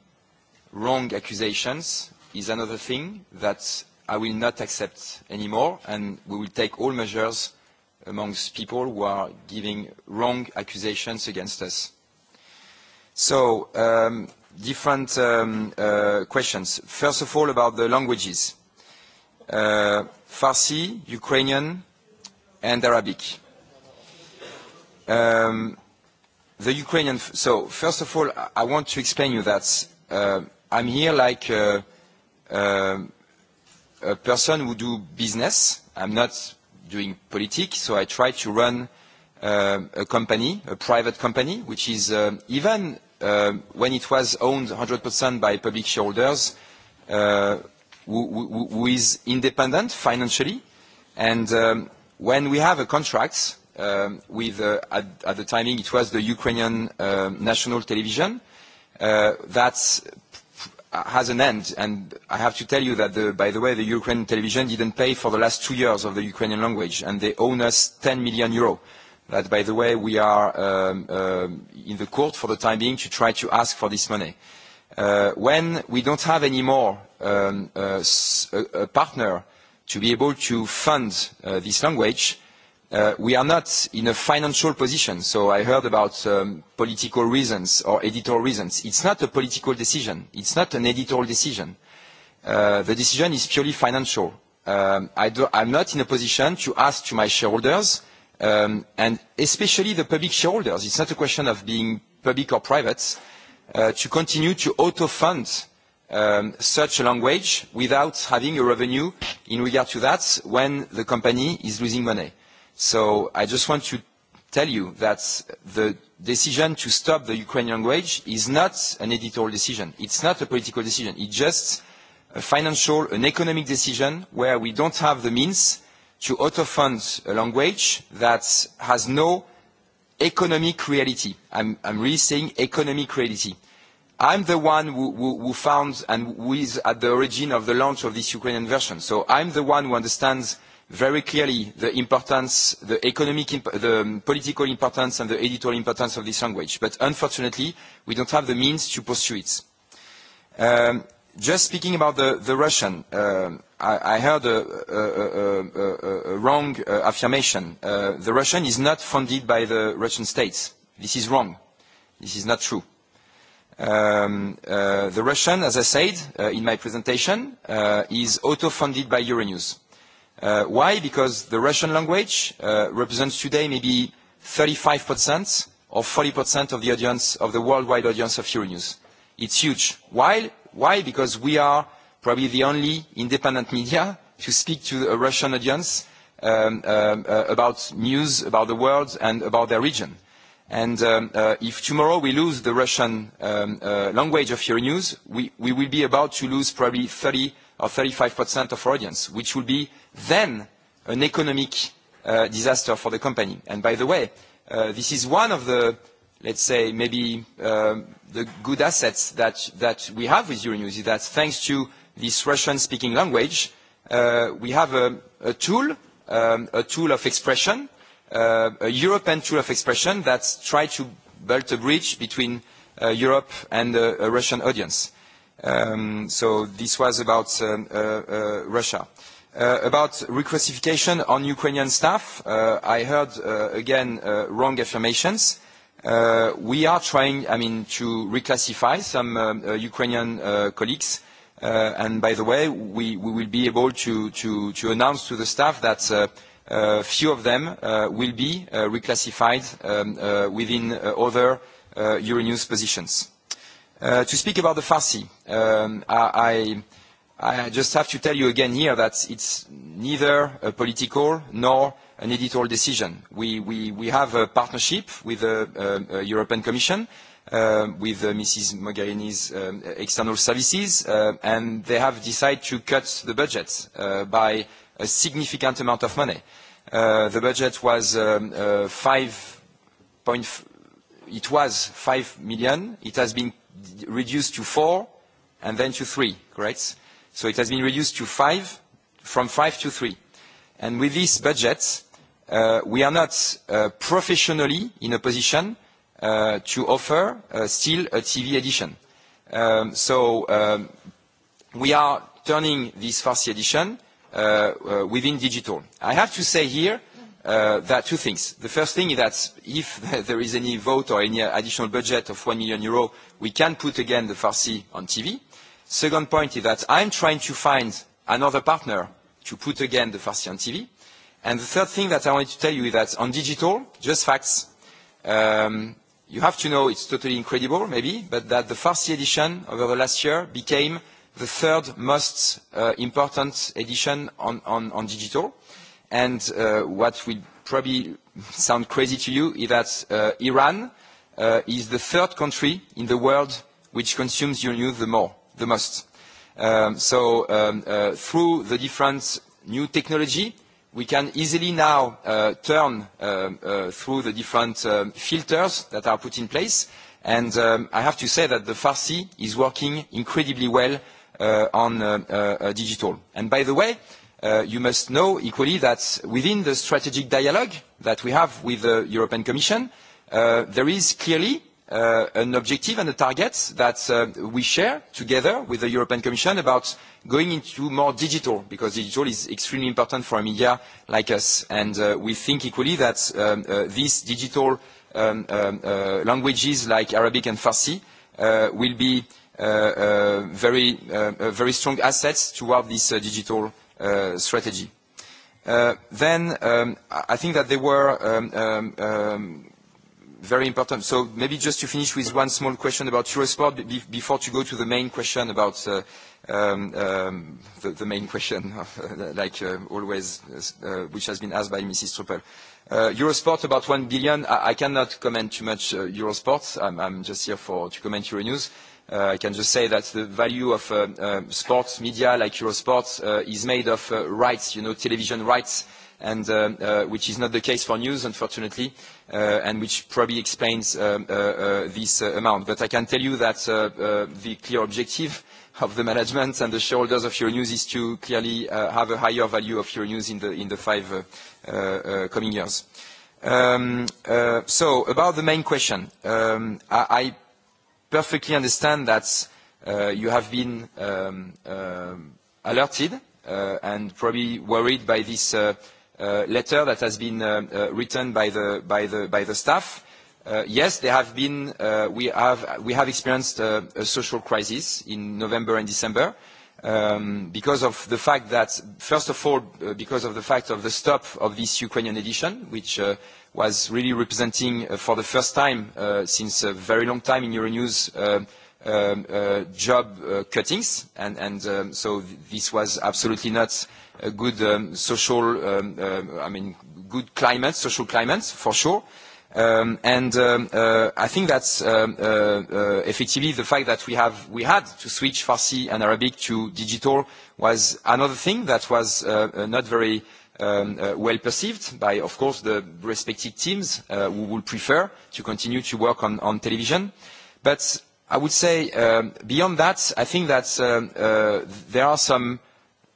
wrong accusations, is another thing that I will not accept anymore, and we will take all measures amongst people who are giving wrong accusations against us. So, um, different um, uh, questions. First of all, about the languages. Uh, Farsi, Ukrainian, and Arabic. Um, the Ukrainian. So first of all, I want to explain you that, uh, I'm here like, a person who do business. I'm not doing politics, so I try to run uh, a company, a private company, which is uh, even uh, when it was owned 100% by public shareholders, uh, who, who, who is independent financially. And um, when we have a contract um, with, uh, at, at the timing it was the Ukrainian uh, national television, uh, that Uh, has an end. And I have to tell you that, the, by the way, the Ukrainian television didn't pay for the last two years of the Ukrainian language, and they own us 10 million euro. That, by the way, we are um, um, in the court for the time being to try to ask for this money. Uh, when we don't have any more um, uh, s- a, a partner to be able to fund uh, this language, uh, Uh, we are not in a financial position, so I heard about um, political reasons or editorial reasons. It's not a political decision. It's not an editorial decision. Uh, the decision is purely financial. Um, I do, I'm not in a position to ask to my shareholders, um, and especially the public shareholders, it's not a question of being public or private, uh, to continue to auto-fund um, such a language without having a revenue in regard to that when the company is losing money. I just want to tell you that the decision to stop the Ukrainian wage is not an editorial decision. It's not a political decision. It's just a financial, an economic decision where we don't have the means to auto-fund a language that has no economic reality. I'm, I'm really saying economic reality. I'm the one who, who, who found and who is at the origin of the launch of this Ukrainian version. So I'm the one who understands uh, very clearly the importance, the economic, imp the political importance and the editorial importance of this language. But unfortunately, we don't have the means to pursue it. Um, just speaking about the, the Russian, uh, I, I heard a, a, a, a, a wrong uh, affirmation. Uh, the Russian is not funded by the Russian states. This is wrong. This is not true. Um, uh, the Russian, as I said uh, in my presentation, uh, is auto-funded by Euronews. Uh, Uh, why? Because the Russian language uh, represents today maybe 35% or 40% of the audience, of the worldwide audience of Euronews. It's huge. Why? Why? Because we are probably the only independent media to speak to a Russian audience um, um, uh, about news about the world and about their region. Um, if tomorrow we lose the Russian language of Euronews, we will be about to lose probably 30% of 35% of our audience, which will be then an economic uh, disaster for the company. And by the way, uh, this is one of the, let's say, maybe um, the good assets that, that we have with Euronews, is that thanks to this Russian-speaking language, uh, we have a, a tool, um, a tool of expression, uh, a European tool of expression that tries to build a bridge between uh, Europe and uh, a Russian audience. Um, so this was about um, uh, uh, Russia. Uh, about reclassification on Ukrainian staff, uh, I heard uh, again uh, wrong affirmations. Uh, we are trying, I mean, to reclassify some um, uh, Ukrainian uh, colleagues. Uh, and by the way, we, we will be able to, to, to announce to the staff that a uh, uh, few of them uh, will be uh, reclassified um, uh, within uh, other uh, Euronews positions. Uh, to speak about the Farsi, um, I, I just have to tell you again here that it's neither a political nor an editorial decision. We, we, we have a partnership with the uh, European Commission, uh, with uh, Mrs. Mogherini's um, external services, uh, and they have decided to cut the budget uh, by a significant amount of money. Uh, the budget was um, uh, 5. F- it was 5 million. It has been reduced to four and then to three, correct? So it has been reduced to five, from five to three. And with this budget, uh, we are not uh, professionally in a position uh, to offer uh, still a TV edition. Um, so um, we are turning this Farsi edition uh, uh, within digital. I have to say here, uh, that two things. The first thing is that if <laughs> there is any vote or any additional budget of one million euro, we can put again the Farsi on TV. Second point is that I'm trying to find another partner to put again the Farsi on TV. And the third thing that I wanted to tell you is that on digital, just facts, um, you have to know it's totally incredible maybe, but that the Farsi edition over the last year became the third most uh, important edition on, on, on digital. Mm -hmm. And uh, what will probably sound crazy to you is that uh, Iran uh, is the third country in the world which consumes uranium the, more, the most. Um, so um, uh, through the different new technology, we can easily now uh, turn um, uh, through the different um, filters that are put in place. And um, I have to say that the Farsi is working incredibly well uh, on uh, uh, digital. And by the way, uh, Uh, you must know equally that within the strategic dialogue that we have with the European Commission, uh, there is clearly uh, an objective and a target that we share together with the European Commission about going into more digital, because digital is extremely important for a media like us. We think equally that um, these digital um, languages like Arabic and Farsi will be very strong assets toward this digital Uh, strategy. Uh, then um, I think that there were um, um, very important. So maybe just to finish with one small question about Eurosport before to go to the main question about uh, the main question, <laughs> like always, which has been asked by Mrs. Truppel. Eurosport, about 1 billion. I cannot comment too much Eurosport. I'm just here to comment Euronews. Uh, I can just say that the value of uh, uh, sports media like Eurosports uh, is made of uh, rights, you know, television rights, and, uh, uh, which is not the case for news, unfortunately, uh, and which probably explains uh, uh, uh, this uh, amount. But I can tell you that uh, uh, the clear objective of the management and the shareholders of Euronews is to clearly uh, have a higher value of Euronews in the, in the five uh, uh, uh, coming years. Um, uh, so, about the main question, um, I, I perfectly understand that uh, you have been um, um, alerted uh, and probably worried by this uh, uh, letter that has been uh, uh, written by the, by the, by the staff. Uh, yes, there have been, uh, we, have, we have experienced uh, a social crisis in November and December. Uh, um, because of the fact that, first of all, uh, because of the fact of the stop of this Ukrainian edition, which uh, was really representing uh, for the first time uh, since a very long time in Euronews uh, um, uh, job uh, cuttings. And, and um, so th this was absolutely not a good um, social, um, uh, I mean, good climate, social climate for sure. Uh, Um, and um, uh, I think that's um, uh, uh, effectively the fact that we, have, we had to switch Farsi and Arabic to digital was another thing that was uh, uh, not very um, uh, well perceived by, of course, the respective teams uh, who would prefer to continue to work on, on television. But I would say um, beyond that, I think that um, uh, there are, some,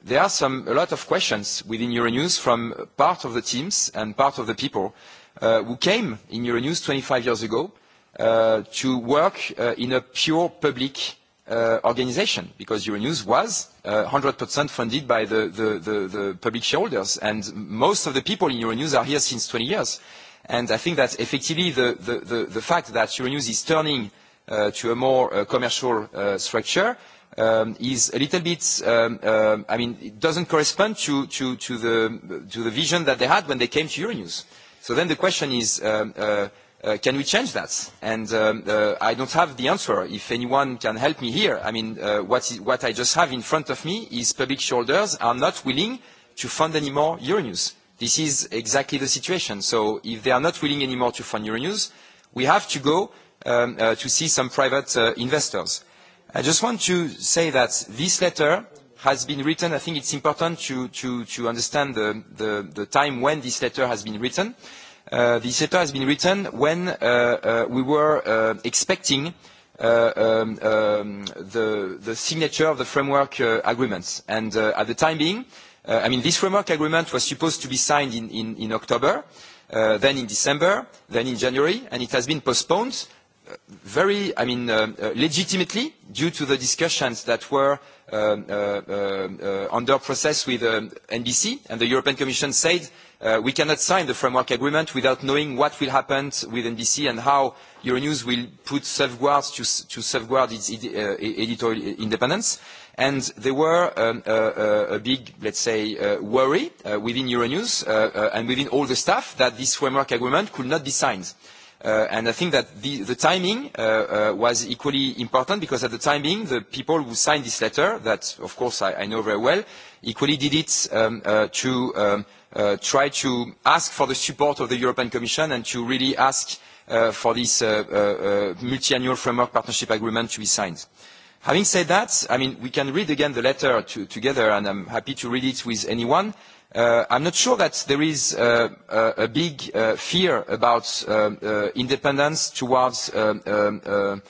there are some, a lot of questions within Euronews from part of the teams and part of the people. Uh, who came in Euronews 25 years ago uh, to work uh, in a pure public uh, organization because Euronews was 100% uh, funded by the, the, the, the public shareholders and most of the people in Euronews are here since 20 years. And I think that effectively the, the, the, the fact that Euronews is turning uh, to a more uh, commercial uh, structure um, is a little bit, um, uh, I mean, it doesn't correspond to, to, to, the, to the vision that they had when they came to Euronews. So then the question is, um, uh, uh, can we change that? And um, uh, I don't have the answer. If anyone can help me here, I mean, uh, what, is, what I just have in front of me is public shoulders are not willing to fund anymore Euronews. This is exactly the situation. So if they are not willing anymore to fund Euronews, we have to go um, uh, to see some private uh, investors. I just want to say that this letter has been written, I think it's important to, to, to understand the, the, the time when this letter has been written. Uh, this letter has been written when uh, uh, we were uh, expecting uh, um, um, the, the signature of the framework uh, agreements. And uh, at the time being, uh, I mean, this framework agreement was supposed to be signed in, in, in October, uh, then in December, then in January, and it has been postponed uh, very, I mean, uh, uh, legitimately due to the discussions that were Um, uh, uh, uh, under process with um, NBC and the European Commission said, "We cannot sign the framework agreement without knowing what will happen with NBC and how Euronews will put safeguards to safeguard its e-, editorial independence." There were um, a big, let's say, worry within Euronews and within all the staff that this framework agreement could not be signed. Uh, and I think that the, the timing uh, uh, was equally important because at the timing, the people who signed this letter, that of course I, I know very well, equally did it um, uh, to um, uh, try to ask for the support of the European Commission and to really ask uh, for this uh, uh, uh, multi-annual framework partnership agreement to be signed. Having said that, I mean, we can read again the letter to, together and I'm happy to read it with anyone. Uh, i'm not sure that there is uh, uh, a big fear about independence towards um, um,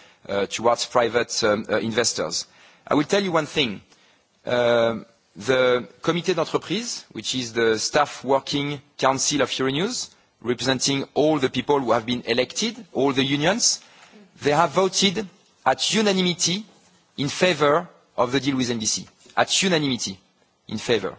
private um, investors. i will tell you one thing the comité d'entreprise which is the staff working council of euronews representing all the people who have been elected all the unions they have voted at unanimity in favour of the deal with nbc at unanimity in favour.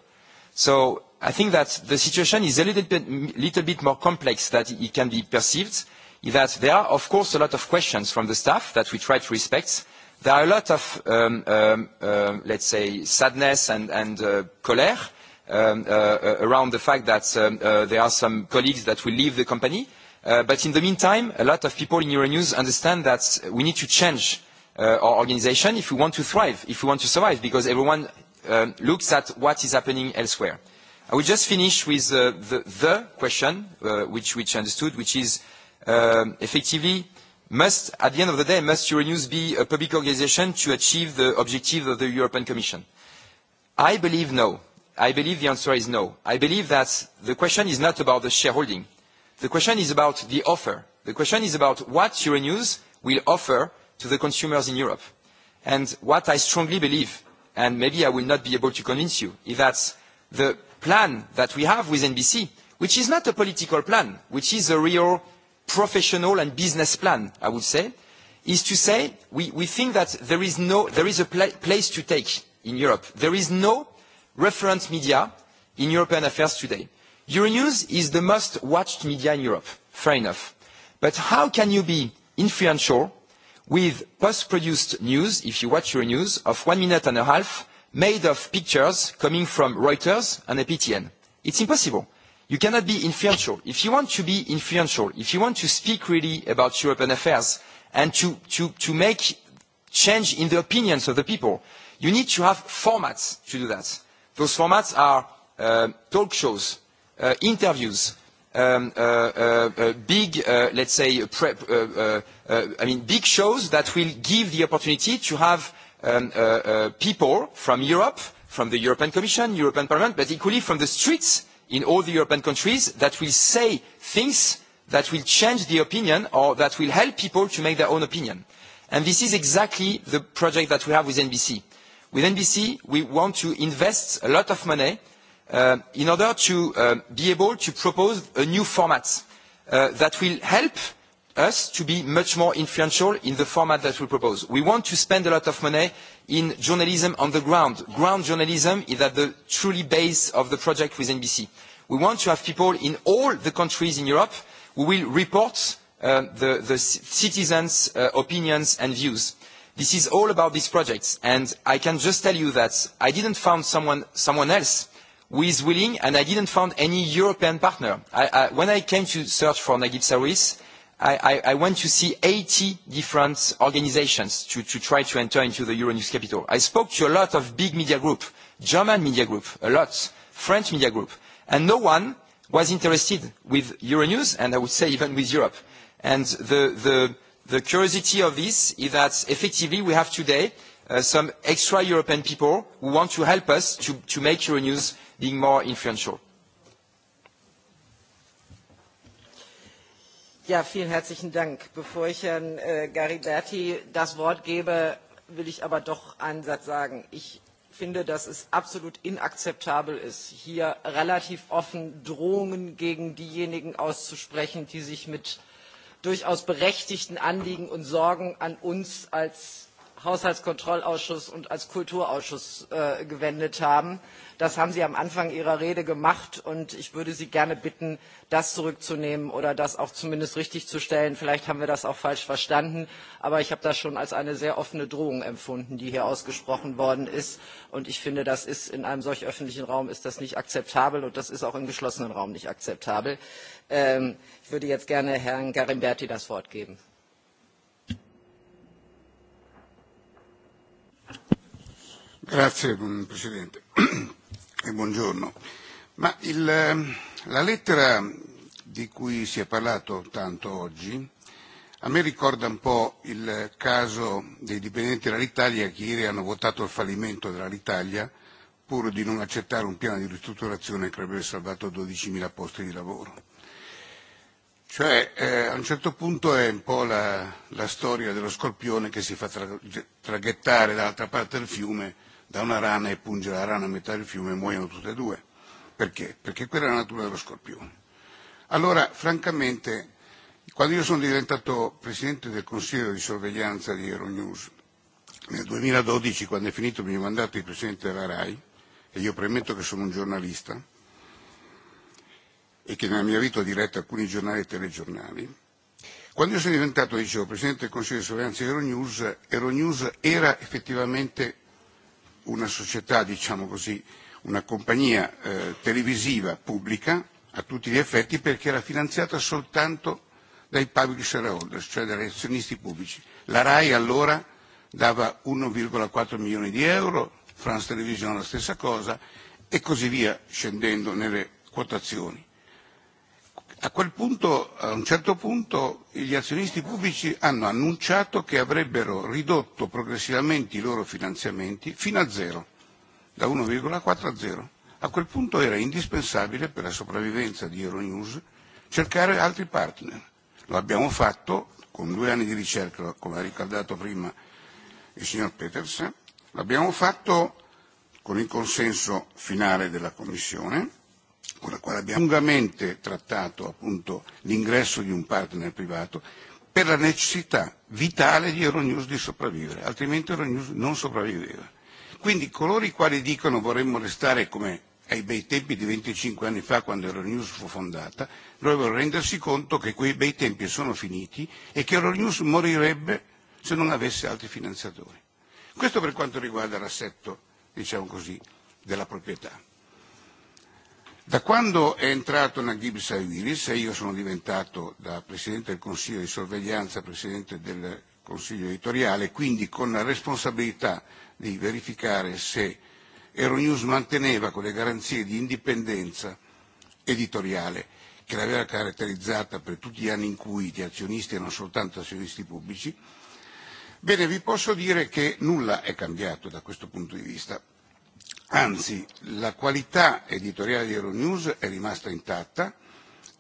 I think that the situation is a little bit, little bit more complex than it can be perceived, in that there are, of course, a lot of questions from the staff that we try to respect. There are a lot of, um, um, uh, let's say, sadness and, and uh, colère um, uh, uh, around the fact that um, uh, there are some colleagues that will leave the company. Uh, but in the meantime, a lot of people in Euronews understand that we need to change uh, our organization if we want to thrive, if we want to survive, because everyone um, looks at what is happening elsewhere. I will just finish with uh, the, the question, uh, which, which I understood, which is um, effectively, must, at the end of the day, must Euronews be a public organization to achieve the objective of the European Commission? I believe no. I believe the answer is no. I believe that the question is not about the shareholding. The question is about the offer. The question is about what Euronews will offer to the consumers in Europe. And what I strongly believe, and maybe I will not be able to convince you, is that the plan that we have with NBC, which is not a political plan, which is a real professional and business plan, I would say, is to say we, we think that there is, no, there is a pla place to take in Europe. There is no reference media in European affairs today. Euronews is the most watched media in Europe, fair enough. But how can you be influential with post-produced news, if you watch Euronews, of one minute and a half made of pictures coming from Reuters and APTN. It's impossible. You cannot be influential. If you want to be influential, if you want to speak really about European affairs and to, to, to make change in the opinions of the people, you need to have formats to do that. Those formats are uh, talk shows, uh, interviews, um, uh, uh, uh, big, uh, let's say, prep, uh, uh, uh, I mean, big shows that will give the opportunity to have uh, Um, uh, uh, people from europe from the european commission the european parliament but equally from the streets in all the european countries that will say things that will change the opinion or that will help people to make their own opinion. and this is exactly the project that we have with nbc. with nbc we want to invest a lot of money uh, in order to be able to propose a new format that will help us to be much more influential in the format that we propose. We want to spend a lot of money in journalism on the ground. Ground journalism is at the truly base of the project with NBC. We want to have people in all the countries in Europe who will report uh, the, the citizens' uh, opinions and views. This is all about these projects, and I can just tell you that I didn't find someone, someone else who is willing, and I didn't find any European partner. I, I, when I came to search for Nagib Saris, I, I went to see 80 different organizations to, to try to enter into the Euronews capital. I spoke to a lot of big media groups, German media groups, a lot, French media groups, and no one was interested with Euronews, and I would say even with Europe. And the, the, the curiosity of this is that effectively we have today uh, some extra-European people who want to help us to, to make Euronews being more influential. Ja, vielen herzlichen Dank. Bevor ich Herrn äh, Gariberti das Wort gebe, will ich aber doch einen Satz sagen. Ich finde, dass es absolut inakzeptabel ist, hier relativ offen Drohungen gegen diejenigen auszusprechen, die sich mit durchaus berechtigten Anliegen und Sorgen an uns als Haushaltskontrollausschuss und als Kulturausschuss äh, gewendet haben. Das haben Sie am Anfang Ihrer Rede gemacht und ich würde Sie gerne bitten, das zurückzunehmen oder das auch zumindest richtig zu stellen. Vielleicht haben wir das auch falsch verstanden, aber ich habe das schon als eine sehr offene Drohung empfunden, die hier ausgesprochen worden ist. Und ich finde, das ist in einem solch öffentlichen Raum ist das nicht akzeptabel und das ist auch im geschlossenen Raum nicht akzeptabel. Ähm, ich würde jetzt gerne Herrn Garimberti das Wort geben. Grazie mm, Presidente <clears throat> e buongiorno. Ma il, ehm, la lettera di cui si è parlato tanto oggi a me ricorda un po' il caso dei dipendenti dell'Italia che ieri hanno votato il fallimento dell'Italia pur di non accettare un piano di ristrutturazione che avrebbe salvato 12.000 posti di lavoro. Cioè eh, a un certo punto è un po' la, la storia dello scorpione che si fa tra, traghettare dall'altra parte del fiume da una rana e punge la rana a metà del fiume e muoiono tutte e due. Perché? Perché quella è la natura dello scorpione. Allora, francamente, quando io sono diventato presidente del Consiglio di sorveglianza di Euronews, nel 2012, quando è finito il mio mandato di presidente della RAI, e io premetto che sono un giornalista, e che nella mia vita ho diretto alcuni giornali e telegiornali, quando io sono diventato, dicevo, presidente del Consiglio di sorveglianza di Euronews, Euronews era effettivamente una società, diciamo così, una compagnia eh, televisiva pubblica a tutti gli effetti perché era finanziata soltanto dai public shareholders, cioè dagli azionisti pubblici. La RAI allora dava 1,4 milioni di euro, France Television la stessa cosa e così via scendendo nelle quotazioni. A quel punto, a un certo punto, gli azionisti pubblici hanno annunciato che avrebbero ridotto progressivamente i loro finanziamenti fino a zero, da 1,4 a zero. A quel punto era indispensabile per la sopravvivenza di Euronews cercare altri partner. Lo abbiamo fatto con due anni di ricerca, come ha ricordato prima il signor Petersen, l'abbiamo fatto con il consenso finale della Commissione, con la quale abbiamo lungamente trattato appunto l'ingresso di un partner privato, per la necessità vitale di Euronews di sopravvivere, altrimenti Euronews non sopravviveva. Quindi coloro i quali dicono vorremmo restare come ai bei tempi di 25 anni fa quando Euronews fu fondata, dovrebbero rendersi conto che quei bei tempi sono finiti e che Euronews morirebbe se non avesse altri finanziatori. Questo per quanto riguarda l'assetto, diciamo così, della proprietà. Da quando è entrato Naguib Sawiris e io sono diventato da Presidente del Consiglio di Sorveglianza, Presidente del Consiglio Editoriale, quindi con la responsabilità di verificare se Euronews manteneva quelle garanzie di indipendenza editoriale che l'aveva caratterizzata per tutti gli anni in cui gli azionisti erano soltanto azionisti pubblici, bene, vi posso dire che nulla è cambiato da questo punto di vista anzi la qualità editoriale di Euronews è rimasta intatta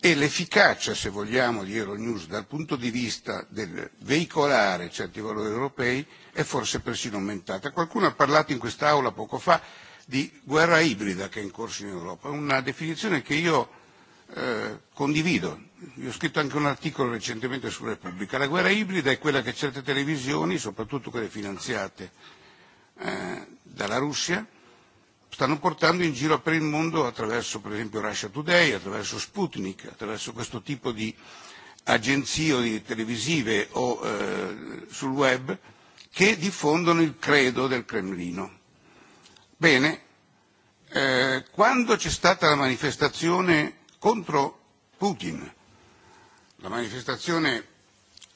e l'efficacia, se vogliamo, di Euronews dal punto di vista del veicolare certi valori europei è forse persino aumentata. Qualcuno ha parlato in quest'Aula poco fa di guerra ibrida che è in corso in Europa, una definizione che io eh, condivido. Io ho scritto anche un articolo recentemente su Repubblica. La guerra ibrida è quella che certe televisioni, soprattutto quelle finanziate eh, dalla Russia, stanno portando in giro per il mondo attraverso per esempio Russia Today, attraverso Sputnik, attraverso questo tipo di agenzie o di televisive o eh, sul web che diffondono il credo del Cremlino. Bene, eh, quando c'è stata la manifestazione contro Putin, la manifestazione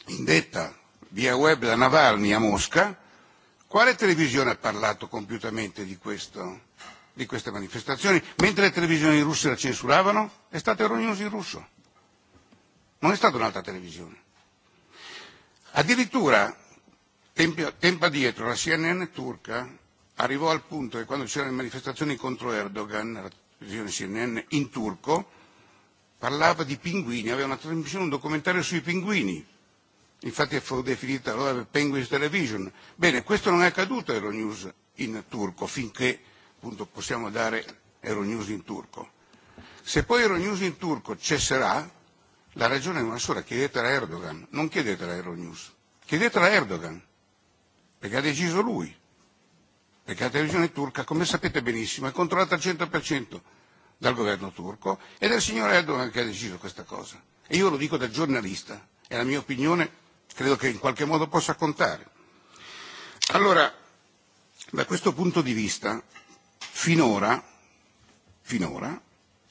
indetta via web da Navalny a Mosca, quale televisione ha parlato compiutamente di questo? di queste manifestazioni, mentre le televisioni russe la censuravano, è stata Euronews in russo. Non è stata un'altra televisione. Addirittura, tempo, tempo dietro, la CNN turca arrivò al punto che quando c'erano le manifestazioni contro Erdogan, la televisione CNN in turco, parlava di pinguini, aveva una trasmissione, un documentario sui pinguini. Infatti fu definita allora Penguins Television. Bene, questo non è accaduto a Euronews in turco finché punto possiamo dare Euronews in turco. Se poi Euronews in turco cesserà, la ragione è una sola, chiedetela a Erdogan, non chiedetela a Euronews, chiedetela a Erdogan, perché ha deciso lui, perché la televisione turca, come sapete benissimo, è controllata al 100% dal governo turco ed è il signor Erdogan che ha deciso questa cosa. E io lo dico da giornalista, è la mia opinione, credo che in qualche modo possa contare. Allora, da questo punto di vista, Finora, finora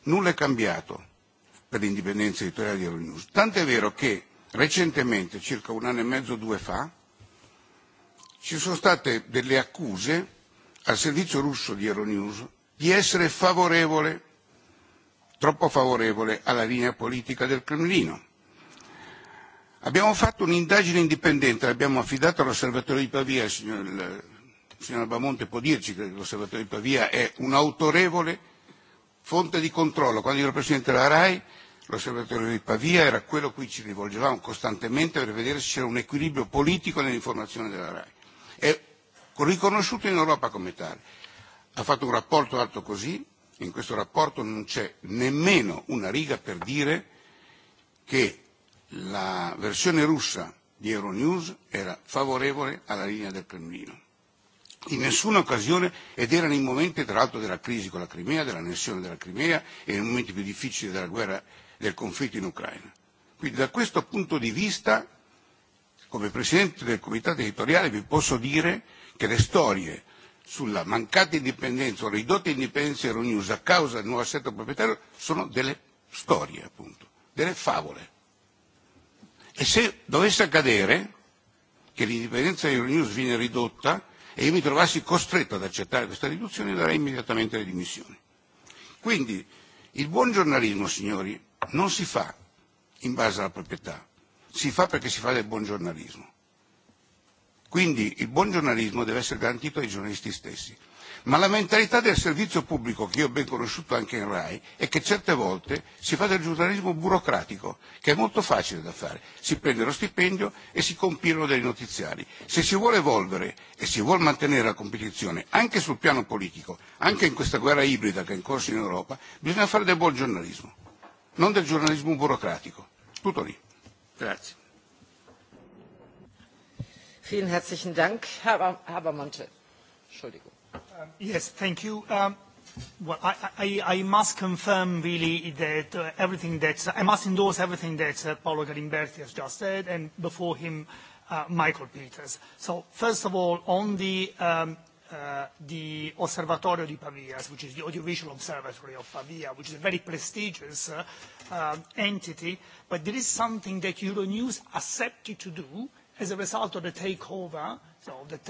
nulla è cambiato per l'indipendenza editoriale di Euronews. Tant'è vero che recentemente, circa un anno e mezzo o due fa, ci sono state delle accuse al servizio russo di Euronews di essere favorevole, troppo favorevole, alla linea politica del Cremlino. Abbiamo fatto un'indagine indipendente, l'abbiamo affidata all'osservatorio di Pavia, il signor signor Albamonte può dirci che l'osservatorio di Pavia è un'autorevole fonte di controllo. Quando io ero presidente della RAI, l'osservatorio di Pavia era quello a cui ci rivolgevamo costantemente per vedere se c'era un equilibrio politico nell'informazione della RAI. È riconosciuto in Europa come tale. Ha fatto un rapporto alto così, in questo rapporto non c'è nemmeno una riga per dire che la versione russa di Euronews era favorevole alla linea del Cremlino in nessuna occasione ed erano i momenti tra l'altro della crisi con la Crimea, dell'annessione della Crimea e i momenti più difficili della guerra, del conflitto in Ucraina. Quindi da questo punto di vista, come Presidente del Comitato Editoriale, vi posso dire che le storie sulla mancata indipendenza o ridotta indipendenza di Euronews a causa del nuovo assetto proprietario sono delle storie, appunto, delle favole. E se dovesse accadere che l'indipendenza di Euronews viene ridotta, e io mi trovassi costretto ad accettare questa riduzione, e darei immediatamente le dimissioni. Quindi il buon giornalismo, signori, non si fa in base alla proprietà, si fa perché si fa del buon giornalismo. Quindi il buon giornalismo deve essere garantito ai giornalisti stessi ma la mentalità del servizio pubblico che io ho ben conosciuto anche in RAI è che certe volte si fa del giornalismo burocratico, che è molto facile da fare. Si prende lo stipendio e si compilano dei notiziari. Se si vuole evolvere e si vuole mantenere la competizione anche sul piano politico, anche in questa guerra ibrida che è in corso in Europa, bisogna fare del buon giornalismo, non del giornalismo burocratico. Tutto lì. Grazie. Vielen herzlichen Dank, Herr Habermantel. Entschuldigung. Um, yes, thank you. Um, well, I must confirm really that uh, everything that I must endorse everything that uh, Paolo Galimberti has just said, and before him, uh, Michael Peters. So first of all, on um, the Osservatorio di Pavia, which is the audiovisual observatory of Pavia, which is a very prestigious entity, but there is something that Euronews accepted to do as a result of the takeover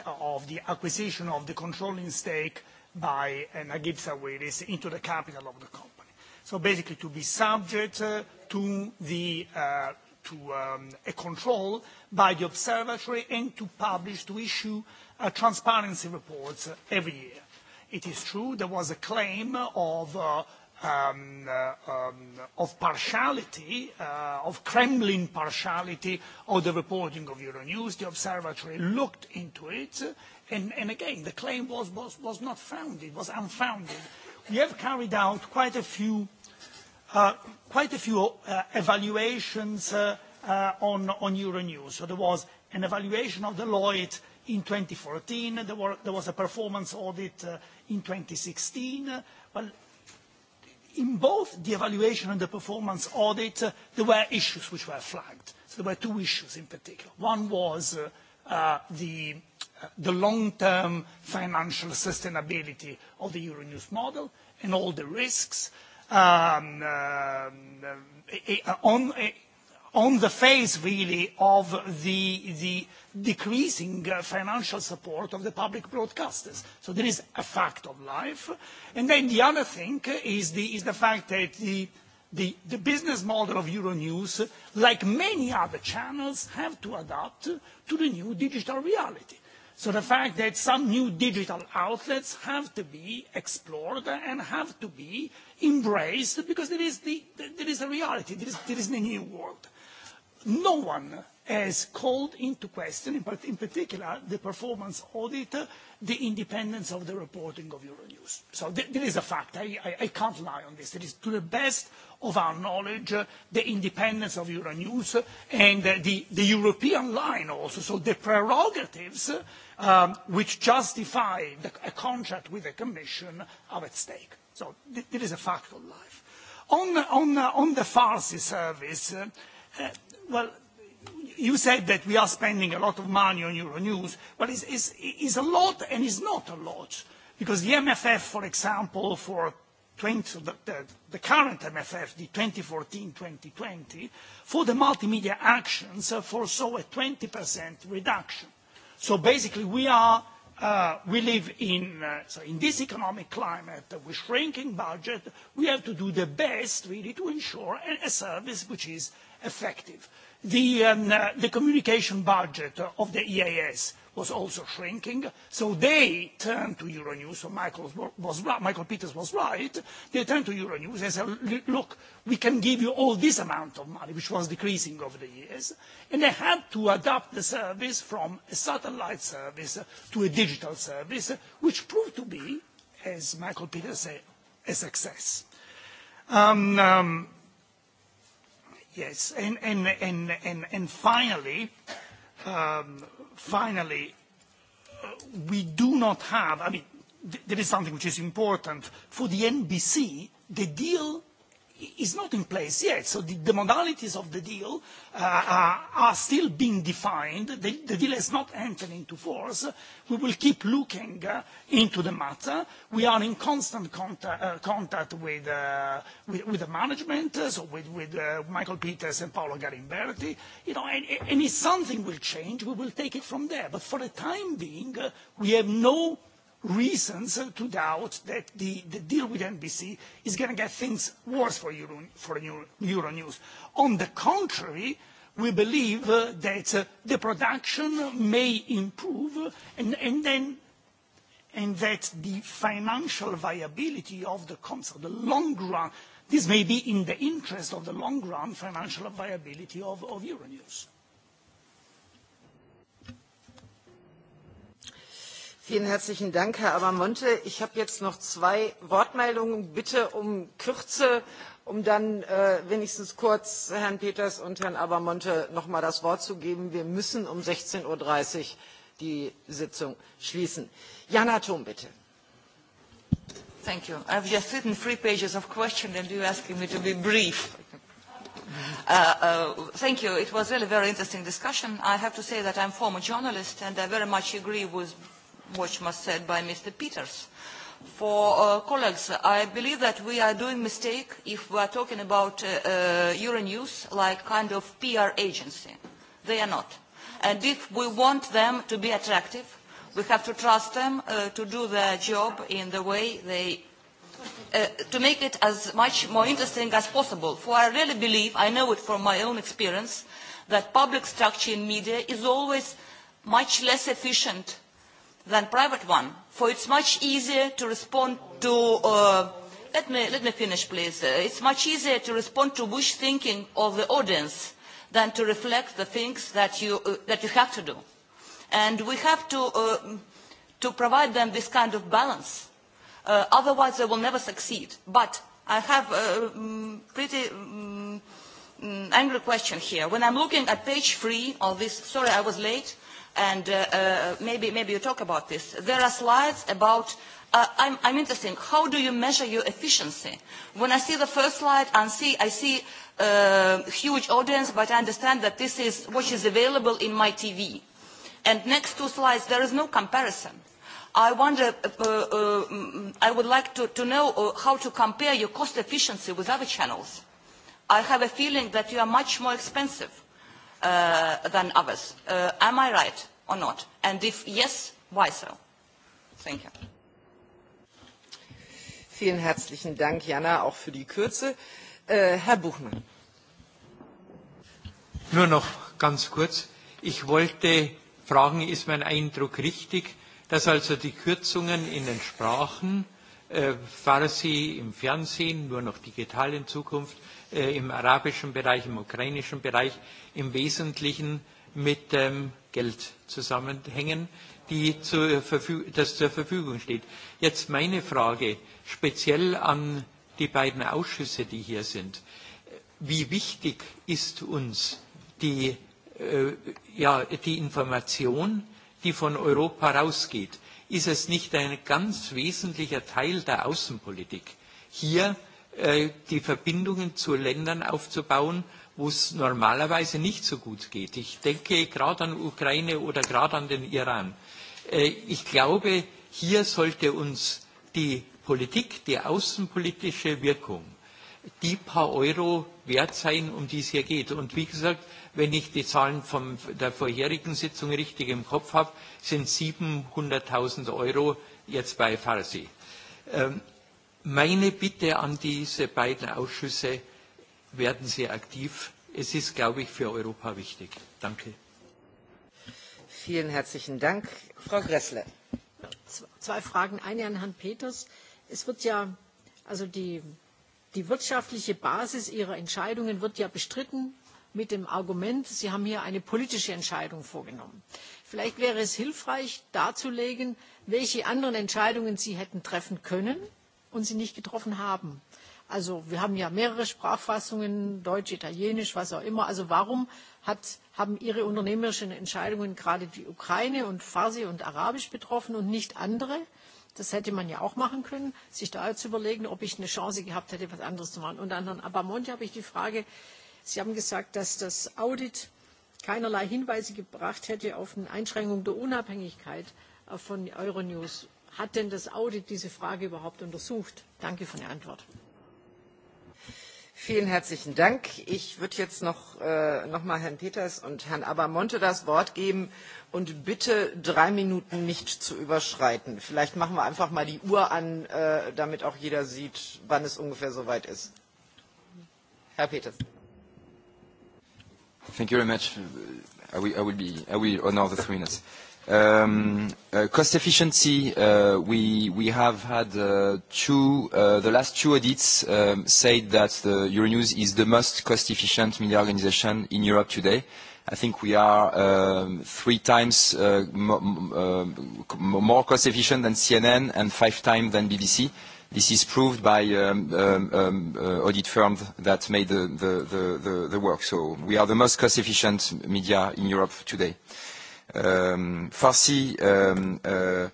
of the acquisition of the controlling stake by Nagibsa Willis into the capital of the company. So basically, to be subject uh, to uh, um, a control by the observatory and to publish, to issue transparency reports every year. It is true there was a claim of uh, um, uh, um, of partiality, uh, of Kremlin partiality, or the reporting of Euronews. The Observatory looked into it, and, and again, the claim was, was, was not founded, was unfounded. We have carried out quite a few, uh, quite a few uh, evaluations uh, uh, on, on Euronews. So there was an evaluation of Deloitte in 2014, there, were, there was a performance audit uh, in 2016. Well, In both the evaluation and the performance audit, uh, there were issues which were flagged. There were two issues in particular. One was uh, uh, the long-term financial sustainability of the Euronews model and all the risks um, um, on on the face really of the, the decreasing financial support of the public broadcasters. So there is a fact of life. And then the other thing is the, is the fact that the, the, the business model of Euronews, like many other channels, have to adapt to the new digital reality. So the fact that some new digital outlets have to be explored and have to be embraced because there is, the, there is a reality, there is, there is a new world no one has called into question but in particular the performance audit the independence of the reporting of euronews so th there is a fact I, I, I can't lie on this it is to the best of our knowledge uh, the independence of euronews and uh, the, the european line also so the prerogatives um, which justify the, a contract with the commission are at stake so th there is a fact of life on, on, uh, on the farsi service uh, uh, well, you said that we are spending a lot of money on Euronews. Well, it's, it's, it's a lot and it's not a lot. Because the MFF, for example, for 20, the, the, the current MFF, the 2014-2020, for the multimedia actions, uh, foresaw a 20% reduction. So basically, we are Uh, we live in, uh, so in this economic climate uh, with shrinking budget, we have to do the best really to ensure a, a service which is effective. The, um, uh, the communication budget of the EAS was also shrinking. They turned to Euronews. Michael Peters was right. They turned to Euronews and said, "Look, we can give you all this amount of money," which was decreasing over the years. They had to adapt the service from a satellite service to a digital service, which proved to be, as Michael Peters said, a success. Um, um, finally, um, finally, uh, we do not have, I mean, there is something which is important. For the NBC, the deal is not in place yet. So the modalities of the deal uh, uh, are still being defined. The deal has not entered into force. We will keep looking uh, into the matter. We are in constant contact with the management, so with Michael Peters and Paolo Galimberti. You know, and if something will change, we will take it from there. But for the time being, we have no reasons to doubt that the deal with NBC is gonna get things worse for Euronews. On the contrary, we believe uh, that uh, the production may improve and that the financial viability of the concert, the long run, this may be in the interest of the long run financial viability of Euronews. Vielen herzlichen Dank, Herr Abamonte. Ich habe jetzt noch zwei Wortmeldungen. Bitte um Kürze, um dann äh, wenigstens kurz Herrn Peters und Herrn Abamonte noch mal das Wort zu geben. Wir müssen um 16.30 Uhr die Sitzung schließen. Jana Thom, bitte. Thank you. I've just written three pages of questions and you're asking me to be brief. Uh, uh, thank you. It was really a very interesting discussion. I have to say that I'm a former journalist and I very much agree with which was said by Mr. Peters. For uh, colleagues, I believe that we are doing mistake if we are talking about uh, uh, Euronews like kind of PR agency. They are not. And if we want them to be attractive, we have to trust them uh, to do their job in the way they uh, to make it as much more interesting as possible. For I really believe, I know it from my own experience, that public structure in media is always much less efficient than private one, for it's much easier to respond to. Uh, let me let me finish, please. Uh, it's much easier to respond to wish thinking of the audience than to reflect the things that you uh, that you have to do, and we have to uh, to provide them this kind of balance. Uh, otherwise, they will never succeed. But I have a mm, pretty um, angry question here. When I'm looking at page three of this, sorry, I was late and uh, uh, maybe, maybe you talk about this. There are slides about, uh, I'm, I'm interested, how do you measure your efficiency? When I see the first slide, and see, I see a uh, huge audience, but I understand that this is what is available in my TV. And next two slides, there is no comparison. I wonder, uh, uh, mm, I would like to, to know uh, how to compare your cost efficiency with other channels. I have a feeling that you are much more expensive. Uh, than others. Uh, am I right or not? And if yes, why so? Thank you. Vielen herzlichen Dank, Jana, auch für die Kürze. Äh, Herr Buchmann. Nur noch ganz kurz. Ich wollte fragen, ist mein Eindruck richtig, dass also die Kürzungen in den Sprachen, äh, Farsi im Fernsehen, nur noch digital in Zukunft, äh, äh, im arabischen Bereich, im ukrainischen Bereich im Wesentlichen mit ähm, Geld zusammenhängen, die zur das zur Verfügung steht. Jetzt meine Frage speziell an die beiden Ausschüsse, die hier sind. Wie wichtig ist uns die, äh, ja, die Information, die von Europa rausgeht? Ist es nicht ein ganz wesentlicher Teil der Außenpolitik, hier Äh, die Verbindungen zu Ländern aufzubauen, wo es normalerweise nicht so gut geht. Ich denke gerade an Ukraine oder gerade an den Iran. Äh, ich glaube, hier sollte uns die Politik, die außenpolitische Wirkung, die paar Euro wert sein, um die es hier geht. Und wie gesagt, wenn ich die Zahlen von der vorherigen Sitzung richtig im Kopf habe, sind 700.000 Euro jetzt bei Farsi. Ähm, Meine Bitte an diese beiden Ausschüsse, werden Sie aktiv. Es ist, glaube ich, für Europa wichtig. Danke. Vielen herzlichen Dank. Frau Gressle. Zwei Fragen. Eine an Herrn Peters. Es wird ja, also die, die wirtschaftliche Basis Ihrer Entscheidungen wird ja bestritten mit dem Argument, Sie haben hier eine politische Entscheidung vorgenommen. Vielleicht wäre es hilfreich, darzulegen, welche anderen Entscheidungen Sie hätten treffen können, und sie nicht getroffen haben. Also wir haben ja mehrere Sprachfassungen, Deutsch, Italienisch, was auch immer. Also warum hat, haben Ihre unternehmerischen Entscheidungen gerade die Ukraine und Farsi und Arabisch betroffen und nicht andere? Das hätte man ja auch machen können, sich da zu überlegen, ob ich eine Chance gehabt hätte, was anderes zu machen. Und an Herrn Abamonti habe ich die Frage, Sie haben gesagt, dass das Audit keinerlei Hinweise gebracht hätte auf eine Einschränkung der Unabhängigkeit von Euronews hat denn das Audit diese Frage überhaupt untersucht? Danke für eine Antwort. Vielen herzlichen Dank. Ich würde jetzt noch, äh, noch mal Herrn Peters und Herrn Abamonte das Wort geben und bitte drei Minuten nicht zu überschreiten. Vielleicht machen wir einfach mal die Uhr an, äh, damit auch jeder sieht, wann es ungefähr soweit ist. Herr Peters. Thank you very much. Uh, I will, I will, be, I will honor the three minutes. Um, uh, cost efficiency, uh, we have had uh, the last two audits um, said that Euronews is the most cost-efficient media organization in Europe today. I think we are um, three times more cost-efficient than CNN and five times than BBC. This is proved by audit firm that made the work. We are the most cost-efficient media in Europe today. Um, Farsi, um, uh,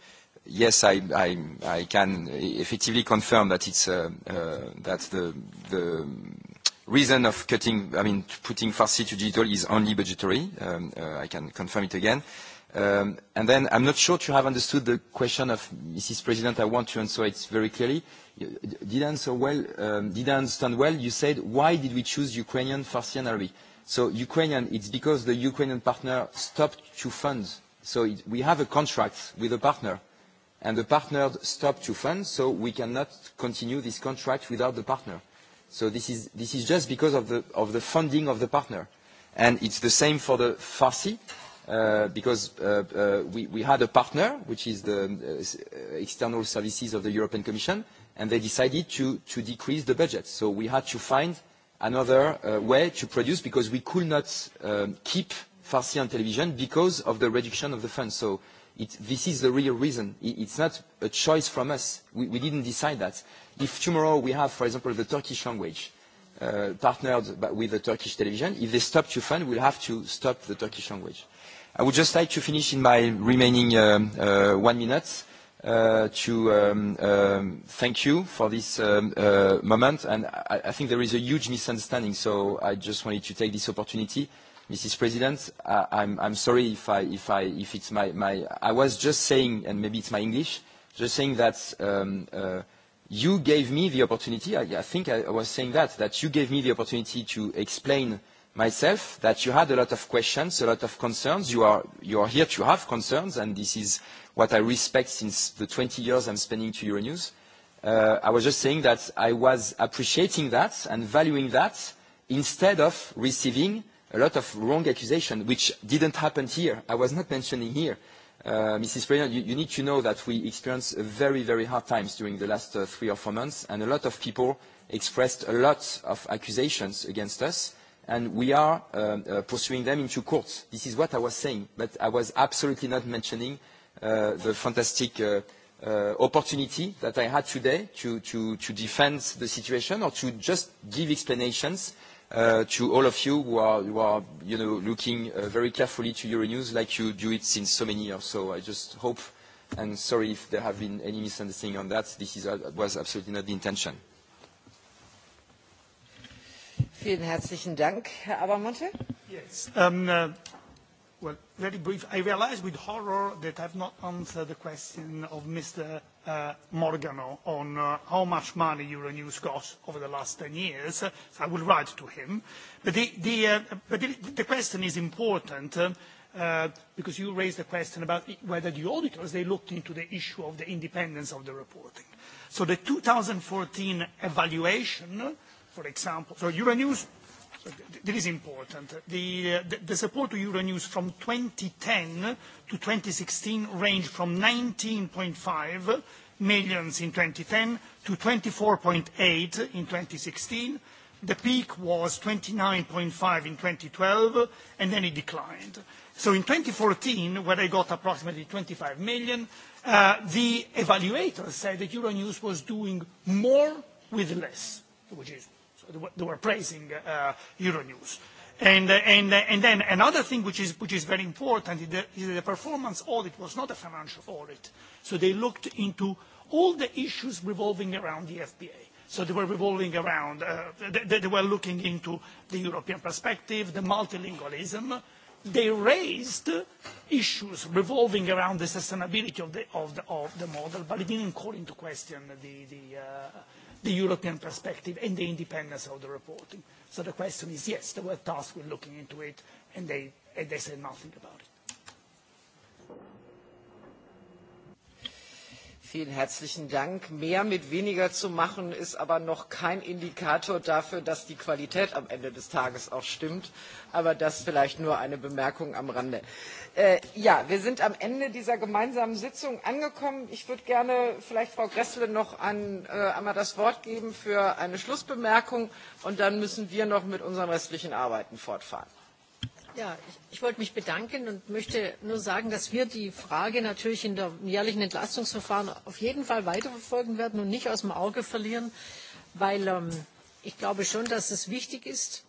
yes, I can effectively confirm that uh, uh, the reason of putting Farsi to digital is only budgetary. Um, I can confirm it again. I'm not sure to have understood the question of Mrs. President. I want to answer it very clearly. Did I understand well? You said, why did we choose Ukrainian, Farsi, and Arabic? Ukrainian, it's because the Ukrainian partner stopped to fund. We have a contract with a partner, and the partner stopped to fund, so we cannot continue this contract without the partner. This is just because of the funding of the partner. It's the same for the FARSI, uh, because uh, uh, we had a partner, which is the external services of the European Commission, and they decided to decrease the budget. We had to find another uh, way to produce because we could not um, keep Farsi on television because of the reduction of the funds. This is the real reason. It's not a choice from us. We didn't decide that. If tomorrow we have, for example, the Turkish language uh, partnered with the Turkish television, if they stop to fund, we'll have to stop the Turkish language. I would just like to finish in my remaining um, uh, one minute Uh, to um, um, thank you for this um, uh, moment. I think there is a huge misunderstanding, so I just wanted to take this opportunity. Mrs. President, I'm sorry if it's my... I was just saying, and maybe it's my English, just saying that uh, you gave me the opportunity. I think I was saying that you gave me the opportunity to explain myself that you had a lot of questions, a lot of concerns. You are, you are here to have concerns, and this is what I respect since the 20 years I'm spending to Euronews. Uh, I was just saying that I was appreciating that and valuing that instead of receiving a lot of wrong accusation, which didn't happen here. I was not mentioning here. Uh, Mrs. Freyland, you need to know that we experienced very, very hard times during the last uh, three or four months, and a lot of people expressed a lot of accusations against us and we are uh, uh, pursuing them into courts. This is what I was saying, but I was absolutely not mentioning uh, the fantastic uh, uh, opportunity that I had today to, to, to defend the situation or to just give explanations uh, to all of you who are, who are you know, looking uh, very carefully to Euronews like you do it since so many years. So I just hope and sorry if there have been any misunderstanding on that. This is, uh, was absolutely not the intention vielen herzlichen dank herr abgeordneter. yes um uh, well very brief i realize with horror that i've not answered the question of mr uh, morgano on uh, how much money euronews got over the last 10 years so i will write to him but the the uh, but the, the question is important uh, uh, because you raised the question about whether the auditors they looked into the issue of the independence of the reporting. So the 2014 evaluation uh, for example. So Euronews, this is important. The, uh, the support to Euronews from 2010 to 2016 ranged from 19.5 million in 2010 to 24.8 in 2016. The peak was 29.5 in 2012, and then it declined. So in 2014, where they got approximately 25 million, uh, the evaluators said that Euronews was doing more with less, which is they were praising uh, Euronews. Uh, uh, another thing which is very important is the performance audit was not a financial audit. They looked into all the issues revolving around the FBA. They were revolving around, they were looking into the European perspective, the multilingualism. They raised issues revolving around the sustainability of the model, but it didn't call into question the European perspective and the independence of the reporting. So the question is yes, there were tasks with looking into it and they, and they said nothing about it. Vielen herzlichen Dank. Mehr mit weniger zu machen ist aber noch kein Indikator dafür, dass die Qualität am Ende des Tages auch stimmt. Aber das vielleicht nur eine Bemerkung am Rande. Äh, ja, wir sind am Ende dieser gemeinsamen Sitzung angekommen. Ich würde gerne vielleicht Frau Gressle noch an, äh, einmal das Wort geben für eine Schlussbemerkung. Und dann müssen wir noch mit unseren restlichen Arbeiten fortfahren. Ja, ich, ich wollte mich bedanken und möchte nur sagen, dass wir die Frage natürlich in dem jährlichen Entlastungsverfahren auf jeden Fall weiterverfolgen werden und nicht aus dem Auge verlieren, weil ähm, ich glaube schon, dass es wichtig ist.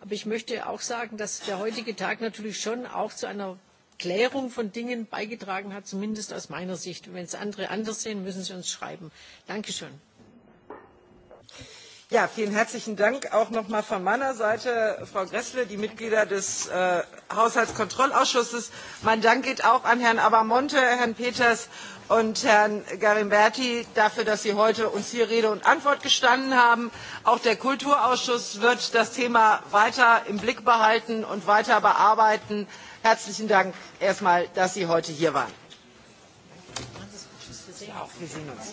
Aber ich möchte auch sagen, dass der heutige Tag natürlich schon auch zu einer Klärung von Dingen beigetragen hat, zumindest aus meiner Sicht. Wenn es andere anders sehen, müssen sie uns schreiben. Dankeschön. Ja, vielen herzlichen Dank auch noch mal von meiner Seite, Frau Gressle, die Mitglieder des äh, Haushaltskontrollausschusses. Mein Dank geht auch an Herrn Abamonte, Herrn Peters und Herrn Garimberti dafür, dass Sie heute uns hier Rede und Antwort gestanden haben. Auch der Kulturausschuss wird das Thema weiter im Blick behalten und weiter bearbeiten. Herzlichen Dank erstmal, dass Sie heute hier waren. Wir sehen uns.